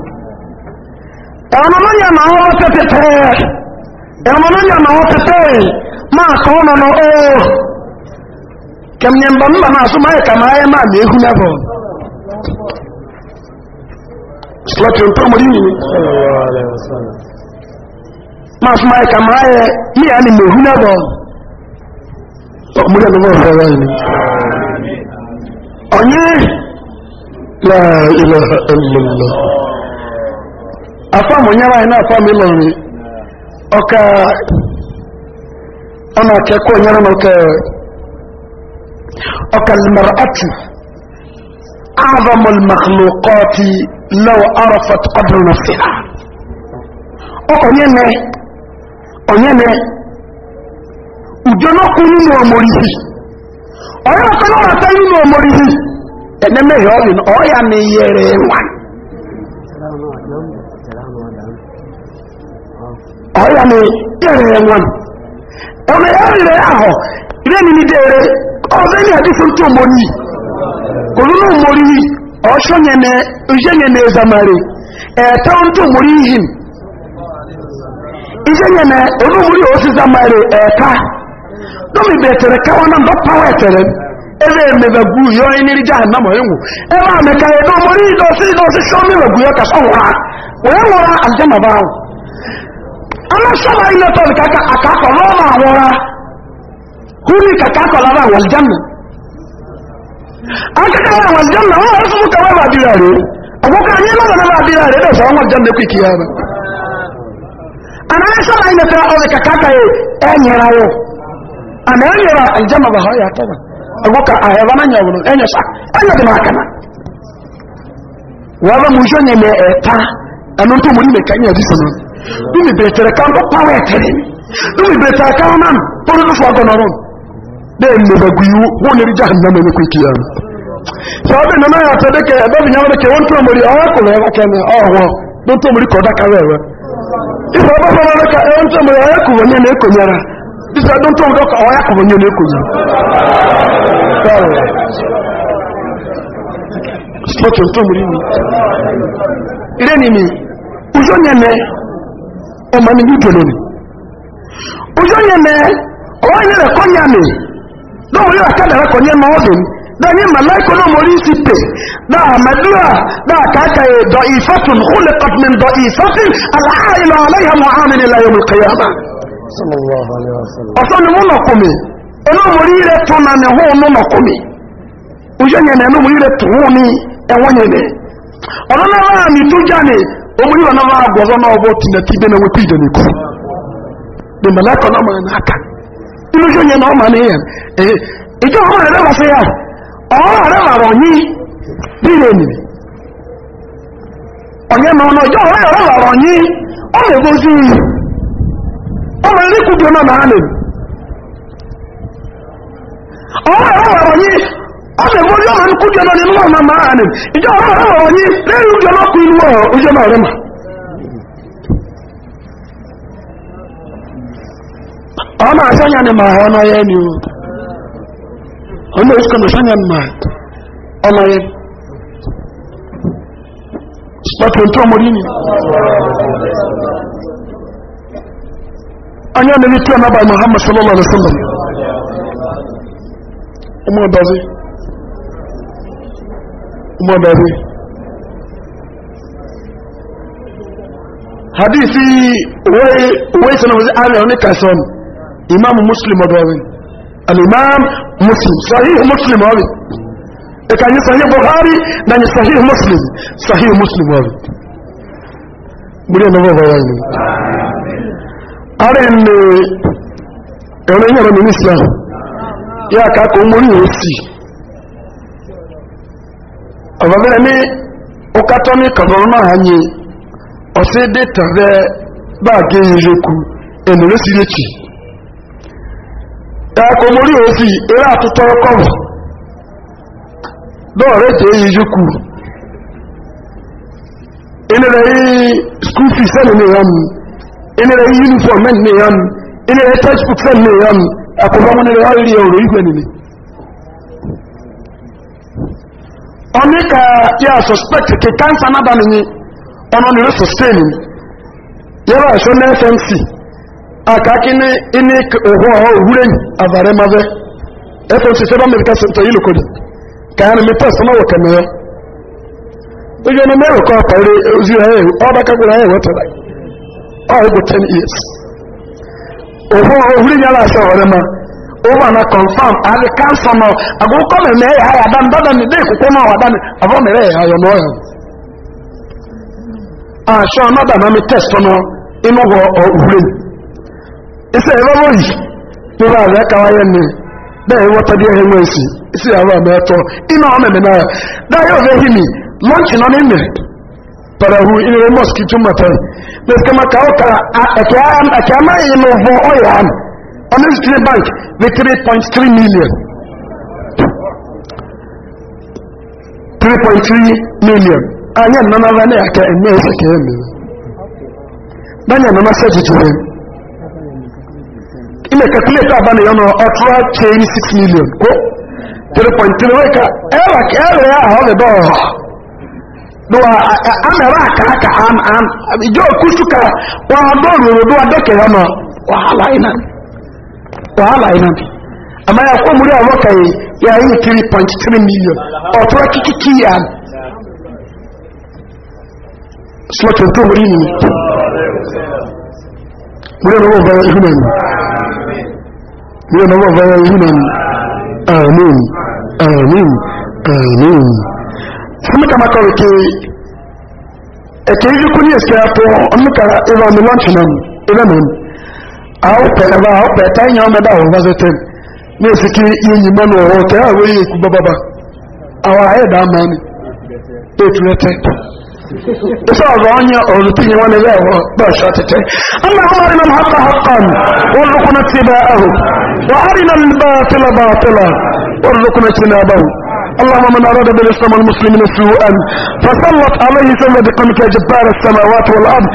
ẹ̀wọ̀n náà yà máa wọ́n tẹ́tẹ́ tẹ́ ẹ̀wọ̀n náà yà máa wọ́n tẹ́tẹ́ máa kọ́ ọ́nà náà ó kẹ̀mìyàn bọ̀ nígbà máa súnmọ́ ẹ̀ka máa yẹ máa léhu lẹ́bọ̀ slọ́tì tó mọ̀ yìí máa súnmọ́ ẹ̀ka máa yẹ ní ìyá ni léhu lẹ́bọ̀ ọmọdé ló fẹ́ wáyé ni ọ̀nyẹ́ la ilaha illallah afọ mo nyara ina afa mi lo ni ọka na ọka ọka limarati اعظم المخلوقات لو عرفت قدر نفسها ọkọnyẹnẹ ọnyẹnẹ ùjọlọkùn nínú ọmọrìhì ọyọ ọkọlọwọ àtẹ nínú ọmọrìhì ẹnẹmẹ yọọ yìí ọyà ni ọ̀yà ni ẹ̀rẹ̀ wọn ọmọ ẹ̀rẹ̀ ahọ̀ ìrẹ́ni ní dẹ̀ẹ̀rẹ̀ ọmọ ẹ̀rẹ̀ àdífún tó mọ́ ní kò ló náà mọ́rí ọ̀ṣọ́nyẹ̀nẹ̀ ẹ̀zàmàrẹ̀ ẹ̀ẹ̀tọ́ tó mọ́rí yìí ìṣẹ́nyẹ̀nẹ̀ olómọ́rí ebe emebe gwu yọ na mọ̀ ẹ̀wù ebe àmẹ́ka ẹ̀dọ́ ebe ìdọ̀sí ìdọ̀sí ṣọ́mí rẹ̀ gwu yọ kà sọ́wọ́ ha wọ́n anasala ilé tó ní kaka akakọ lọ́wọ́ àwọn ra kúni kakakọ lára àwọn ìjàmù akakọ lára àwọn ìjàmù àwọn ọ̀rọ̀ fún kàwé bá bíra rẹ̀ àkókò ayé lọ́wọ́ náà bá bíra rẹ̀ lọ́sọ̀ àwọn ìjàmù lẹ́kọ̀ọ́ ìkìyà rẹ̀ anasala ilé tó ọ̀rọ̀ kakaka yẹ ẹ̀yẹra wọ àmì ẹ̀yẹra ìjàmù bá hà yàtọ̀ rẹ̀ àkókò àyẹ̀wò náà nyẹ̀wò ẹ̀yẹ sá ẹ̀yẹ dì máa kàná wọ́n bá mu Dumi betere ka mbọ pawa etere. Dumi betere ka ọnam pụrụ n'ụfọ ọgọ nọrọ. Dee mmebagwu iwu hụ n'eri jaha Sọ ahụ. Sọọdụ nọ na atọ dịka ebe bụ nyawa ọ kụrụ ka ọ dakarị ewe. Ife ebe fọrọ dịka onye ntụrụ mori kụrụ onye na-ekonyere. Dịsa ndị ntụrụ na-ekonyere. ọmọ ní wípé lónìí ojú yẹn mẹ ọwọ́ yẹn rẹ̀ kọ́ yà mí lọ́wọ́ yóò kẹ́lẹ̀ rẹ̀ kọ́ yẹn mọ́ ọdún náà ní màláìkọ́ náà mọ̀rí sí pè náà mẹ́dúrà náà kàákà yẹ dọ̀ ìfọ́tún húlẹ̀ kọ́tùmín dọ̀ ìfọ́tún aláìlọ aláìhàmọ́ àmì nílẹ̀ yóò mú kẹyàmá ọ̀sán ni wọ́n nọ̀kùnmí olóòmòrí rẹ̀ tún náà ní hún ní nọ̀kùnmí ojú yẹn mẹ́ olóòmòrí rẹ̀ tún hún ní ẹ̀wọ́n yẹn mẹ́ ọ̀dọ́ náà wà ní tó jáde omuli bana bagwaza n'oba otinatibe ne wepiida neku bemalaika n'amala n'aka ilusi onye na ọma n'ihe ọhụrụ ya ọhụrụ onye na ọnụ ije ọhụrụ ere bara Onye ọ na-egozi iyi ọ na ndị kwubi ọma na na-ebi ọhụrụ ere bara ọmọ ìwọ yóò rẹ̀ kú jẹ́ lọ́nà inúwọ̀n máa máa na ìjọ ọ̀rọ̀ ọ̀rọ̀ wọ̀nyí lẹ́yìn na lọ́kù inúwọ̀ ojú ọmọ rẹ̀ mà ọmọ àṣányà ni mà ọ̀nà yẹ ni o ọmọ ìsìkọ̀nà àṣányà na mà ọ̀nà yẹ spọ́tò tó mọ̀ mọ̀dọ̀rí hadithi wai sanarwa zai ariya wani kasan imam muslim mọ̀dọ̀rí al'imam muslim sahih muslim ọrị ẹka e yi sahih buhari na yi sahih muslim sahih muslim ọrị gbúrẹ́ ní ọgbọ̀gbọ̀ ya ni ariyan ne ẹ̀rọ islam ya kakọ̀ mori wọ́n sí ọ̀bàbẹ̀rẹ̀ ní ọkàtọ́ ní kàbọ̀rọ̀ náà hanyé ọ̀sẹ̀ dé tẹ̀lẹ̀ báàgé ìrẹ́kù ènìyàn sí rẹ̀kì ẹ̀kọ́ mórí òsì eré àtútọ́ kọ́wọ̀ dọ́ọ̀rẹ́ jẹ́ ìrẹ́kù inere yi school fees ẹni ní ìyanu inere yi uniform ẹni ní ìyanu inere yi textbook ẹni ní ìyanu ẹ̀kọ́ bá wọn ní ìyanu Onye ka yɛ suspect ke cancer nada ne nyi ɔno ne re sustain fmc akaaki ne ne ɛho a ɔwura nyi avare ma bɛ fmc sɛ ba mɛrika sɛntɔ yi lokodi kaya ne mepɛ sɛma wɔ kɛmɛyɛ oye no mɛrɛ kɔ apa ɔre ozi ten years a ɔwura nyi ụmụ na confam adị kansa nọ agụkọ meme ya ya dan dadan dị ekwukwe na ọwa mere ya ayọ n'ọya a sọ nọda na mi test nọ ịnụ hụ ọhụrụ isi ebe ọ yi ahụ ya kawa ya nne di si isi àwọn àmì ẹtọ iná ọmọ mi náà na ọbẹ yìí mi lọnchì náà ní mìrì parahu ìrẹ mọsìkì tún mọtọ on Israel Bank with 3.3 million. 3.3 million. Anya nana vane aka ene eseke eme. Danya nana se jijure. Ime calculate abane yono otra chain 6 million. Ko? 3.3 weka. Ewa kere ya hove do. a amera aka aka am am. Jo kusuka wa do ro do adoke yono. Wahala ina wahala ina bi amma ya ko muri awon kai ya yi three million otura kikiki ya slotin to muri ni muri na wọ́n bayan ihunan muri na wọ́n bayan ihunan amin amin amin sun kama kawai ke ẹ̀kẹ́ ìrìkú ní ẹ̀sẹ̀ àpọ̀ ọmọkà ìrọ̀ mi lọ́nà ìrọ̀ mi ahụpụtara ahụpụta ihe ọmebe ahụ gbazete na-esike iyi mgbe na ụwa ote bababa awa ahụ da ama anyị eturete isi ọzọ onye ọzụta ihe nwanne ya ụwa ama na m hapa hapan ụlọkwụ na tibe ahụ wa na ba na اللهم من أراد بالإسلام والمسلمين سوءا فسلط عليه سنة بقمك جبار السماوات والأرض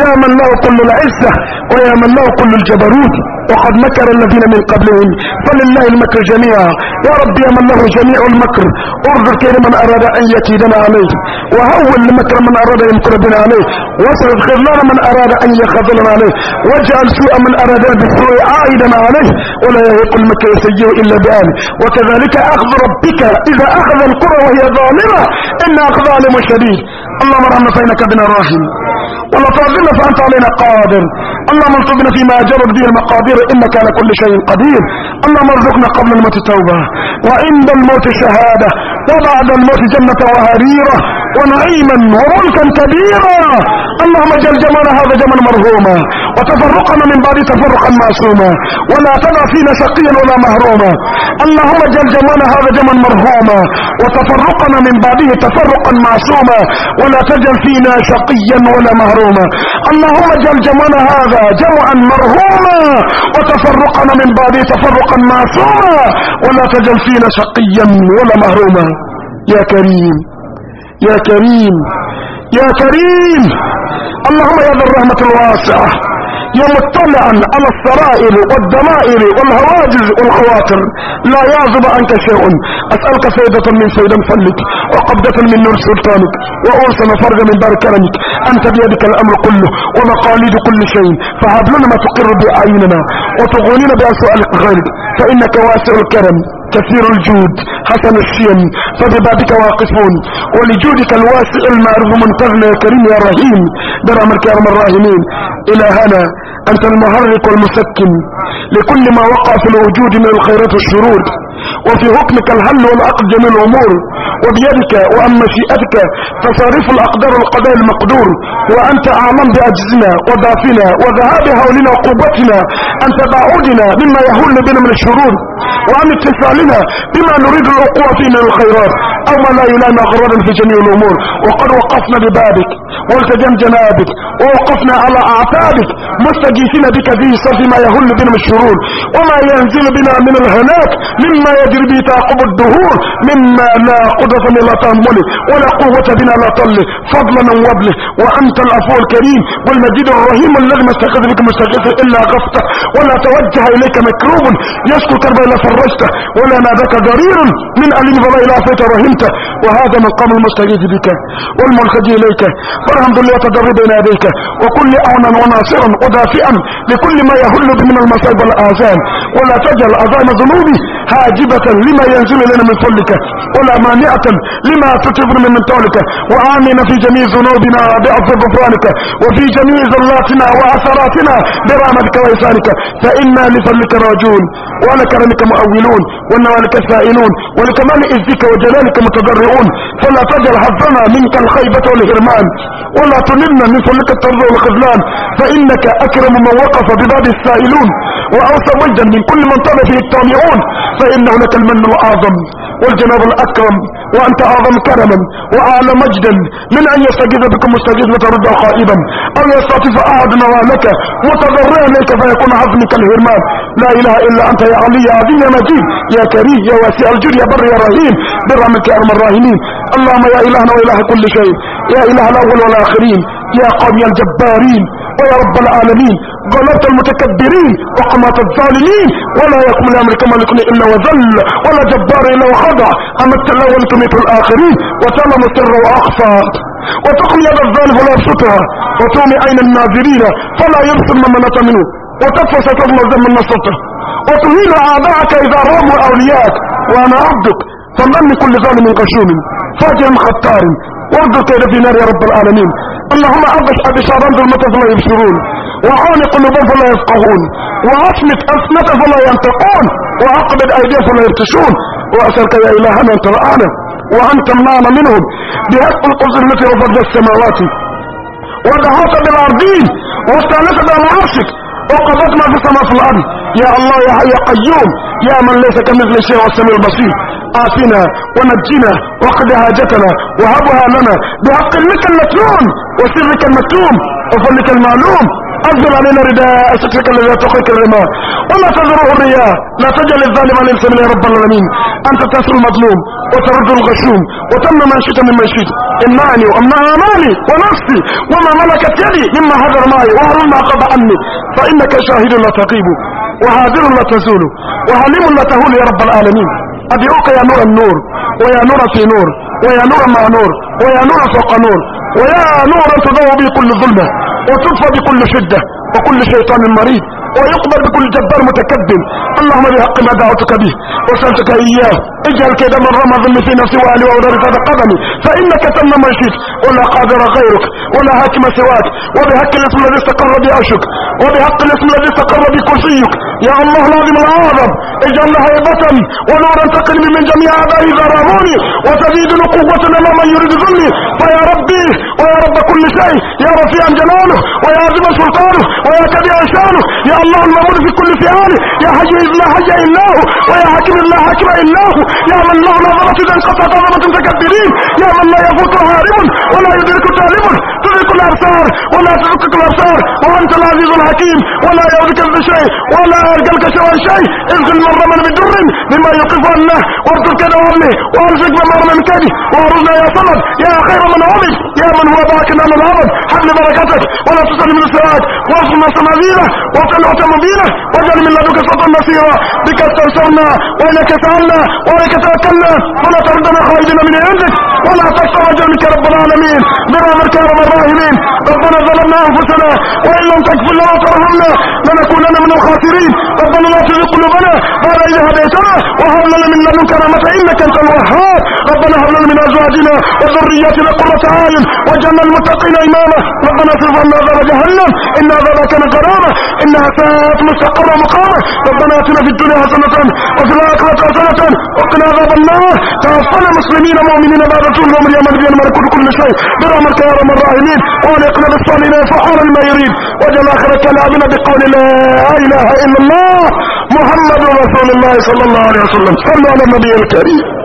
يا من له كل العزة ويا من له كل الجبروت وقد مكر الذين من قبلهم فلله المكر جميعا يا رب يا من له جميع المكر ارزق كيد من أراد أن يكيدنا عليه وهول المكر من أراد أن يمكر بنا عليه واصرف لنا من أراد أن يخذلنا عليه واجعل سوء من أراد بالسوء عائدا عليه ولا يهيق المكر سيئ إلا بآله وكذلك أخذ ربك بعد أخذ القرى وهي ظالمة إن أخذ ظالم شديد اللهم ارحمنا فإنك بنا راحم ولا تعذبنا فأنت علينا قادر اللهم ارزقنا فيما جرت به المقادير إنك على كل شيء قدير اللهم ارزقنا قبل الموت توبة وعند الموت شهادة وبعد الموت جنة وهريرة ونعيما وملكا كبيرا اللهم اجعل جمال هذا جمال مرغوما وتفرقنا من بعد تفرقا معصوما ولا تدع فينا شقيا ولا مهروما اللهم اجعل جمال هذا جمال مرغوما وتفرقنا من بعده تفرقا معصوما ولا تجعل فينا شقيا ولا مهروما اللهم اجعل جمال هذا جمعا مرهوما وتفرقنا من بعده تفرقا معصوما ولا تجعل فينا شقيا ولا مهروما يا كريم يا كريم يا كريم اللهم يا ذا الرحمة الواسعة يا مطلعا على السرائر والدمائر والهواجز والخواطر لا يعزب عنك شيء اسالك سيدة من سيد فلك وقبضة من نور سلطانك وأوصنا فرجا من دار كرمك انت بيدك الامر كله ومقاليد كل شيء فهب لنا ما تقر باعيننا وتغنينا باسوء غيرك فانك واسع الكرم كثير الجود حسن الشيم فببابك واقفون ولجودك الواسع المعروف قبل يا كريم يا رحيم برحمك يا الراهمين الى الهنا انت المحرك والمسكن لكل ما وقع في الوجود من الخيرات والشرور وفي حكمك الحل والعقد من الأمور وبيدك وأن مشيئتك تصاريف الأقدار القدر المقدور وأنت أعلم بأجزنا وضعفنا وذهاب هولنا وقوتنا أن تباعدنا مما يهول بنا من الشرور وأن اتصالنا بما نريد الوقوع فيه من الخيرات أما لا يلام أغرارا في جميع الأمور وقد وقفنا ببابك والتجم جنابك ووقفنا على أعتابك مستجيسين بك في صرف ما يهول بنا من الشرور وما ينزل بنا من الهناك مما يجب تجري به تعقب الدهور مما لا قدرة لا تهمله ولا قوة بنا لا طله فضلا وابله وأنت العفو الكريم والمجيد الرحيم الذي ما استخذ بك مستغيث إلا غفته ولا توجه إليك مكروب يشكو كربا إلا فرجته ولا ناداك ضرير من أليم فلا إلا عفيت رحمته وهذا مقام المستغيث بك والملتجي إليك والحمد لله تدرب بين يديك وكل أعنا وناصرا ودافئا لكل ما يهل من المصائب والآذان ولا تجعل أذان ذنوبي هاجبة مانعة لما ينزل لنا من فضلك ولا مانعة لما تتبر من طولك وامن في جميع ذنوبنا بعفو غفرانك وفي جميع ذراتنا وعثراتنا برحمتك وإحسانك فإنا لفضلك راجون ولكرمك مؤولون ونوالك سائلون ولكمال عزك وجلالك متضرعون فلا تجعل حظنا منك الخيبة والهرمان ولا تنلنا من فضلك الطرد والخذلان فإنك أكرم من وقف بباب السائلون وأوسع وجدا من كل من طلب فيه الطامعون فإنه لك المن الأعظم والجناب الأكرم وأنت أعظم كرما وأعلى مجدا من أن يستجيب بكم مستجيب وترد خائبا أو يستعطف أحد نوالك متضرعا منك فيكون عظمك الهرمان لا إله إلا أنت يا علي يا عظيم يا مجيد يا كريم يا واسع الجود يا بر يا رحيم برحمتك يا أرحم الراحمين اللهم يا إلهنا وإله كل شيء يا إله الأول والآخرين يا قوي الجبارين ويا رب العالمين غلط المتكبرين وقمات الظالمين ولا يقوم الامر كما لكم الا وذل ولا جبار الا وخضع اما التلاوى لتميت الاخرين وتعلم السر واخفى وتقم يد الظالم ولا سترى وتومي عين الناظرين فلا يبصر من منعت منه وتكفى تظلم ذنب من نصرته وتهين اعداءك اذا راموا اولياك وانا عبدك فمن لكل ظالم غشوم فاجر خطار وارجو كيد في نار يا رب العالمين اللهم أبش ذو ظلمة فلا يبشرون وعاني قلوبا فلا يفقهون وأصمت أسنة فلا ينتقون وأقبض أيديا فلا يبتشون وأسألك يا إلهنا أن ترعانا وأنت معنا منهم بهذه القدس التي رفضت السماوات ودعوت بالأرضين واستأنست بأمعاشك وقضت ما في السماء في الأرض يا الله يا حي يا قيوم يا من ليس كمثل شيء والسميع البصير آفنا ونجنا وقضي حاجتنا وهبها لنا بحق لك المتلون وسرك المكتوم وفضلك المعلوم أنزل علينا رداء سترك الذي تقيك الرماء وما تذره الرياء لا تجعل الظالم ليس يا رب العالمين أنت تسر المظلوم وترد الغشوم وتم ما شئت مما شئت إماني وأما أماني ونفسي وما ملكت يدي مما هدر معي وهل ما قضى عني فإنك شاهد لا تغيب وهادر لا تزول وعليم لا تهول يا رب العالمين أدعوك يا نور النور ويا نور في نور ويا نور مع نور ويا نور فوق نور ويا نور تضوء بكل ظلمة وتطفى بكل شدة وكل شيطان مريض ويقبل بكل جبار متكبر اللهم بحق ما دعوتك به وسألتك إياه اجعل كيد من رمى ظل في نفسي وأهلي وأولادي فهذا قدمي فإنك تم من شئت ولا قادر غيرك ولا حاكم سواك وبحق الاسم الذي استقر به عرشك وبحق الاسم الذي استقر به كرسيك يا الله العظيم الأعظم اجعلنا هيبة ونورا تقلبي من جميع أعدائي ضرروني وتزيد قوة لما من يريد ظلي فيا ربي ويا رب كل شيء يا رفيع جلاله ويا عظيم سلطانه ويتبع شانه يا الله المامور في كل فعاله يا حي لا حي الا هو ويا حكيم لا حكم الا هو يا من له نظرة اذا انقطعت عظمة المتكبرين يا من لا يفوت هارم ولا يدرك تالم تدرك الابصار ولا تدرك الابصار وانت العزيز الحكيم ولا يؤذيك بشيء ولا يرجلك سوى شيء اذغل من رمل بدر مما يقف الله وارجل كذا وابني وارزق بمر من كده وارزنا يا صمد يا خير من عمل يا من هو باكن على العبد حمل بركتك ولا تسلم من السواد واحمص نذيره وطلعة مديره واجعل من لدنك صوتا نصيرا بك استرسلنا واليك سالنا واليك توكلنا ولا تردنا خائبين من عندك ولا تكثر اجرك رب العالمين برحمتك يا رب الراحمين ربنا ظلمنا انفسنا وان لم تغفر لنا وترحمنا لنكونن من الخاسرين ربنا لا تزغ قلوبنا بعد اذ هديتنا وهب لنا من لدنك رحمه انك انت الوهاب ربنا هب لنا من ازواجنا وذرياتنا قرة اعين واجعلنا المتقين اماما ربنا اصرف عنا عذاب جهنم ان عذاب مكان كرامة إنها ساءت مستقرة مقامة ربنا آتنا في الدنيا حسنة وفي الآخرة حسنة وقنا عذاب النار توفنا مسلمين مؤمنين بعد طول العمر يا من بيان ملكوت كل شيء برحمتك يا رب الراحمين وألقنا بالصالحين فحورا ما يريد وجل آخر كلامنا بقول لا إله إلا الله محمد رسول الله صلى الله عليه وسلم صلى على النبي الكريم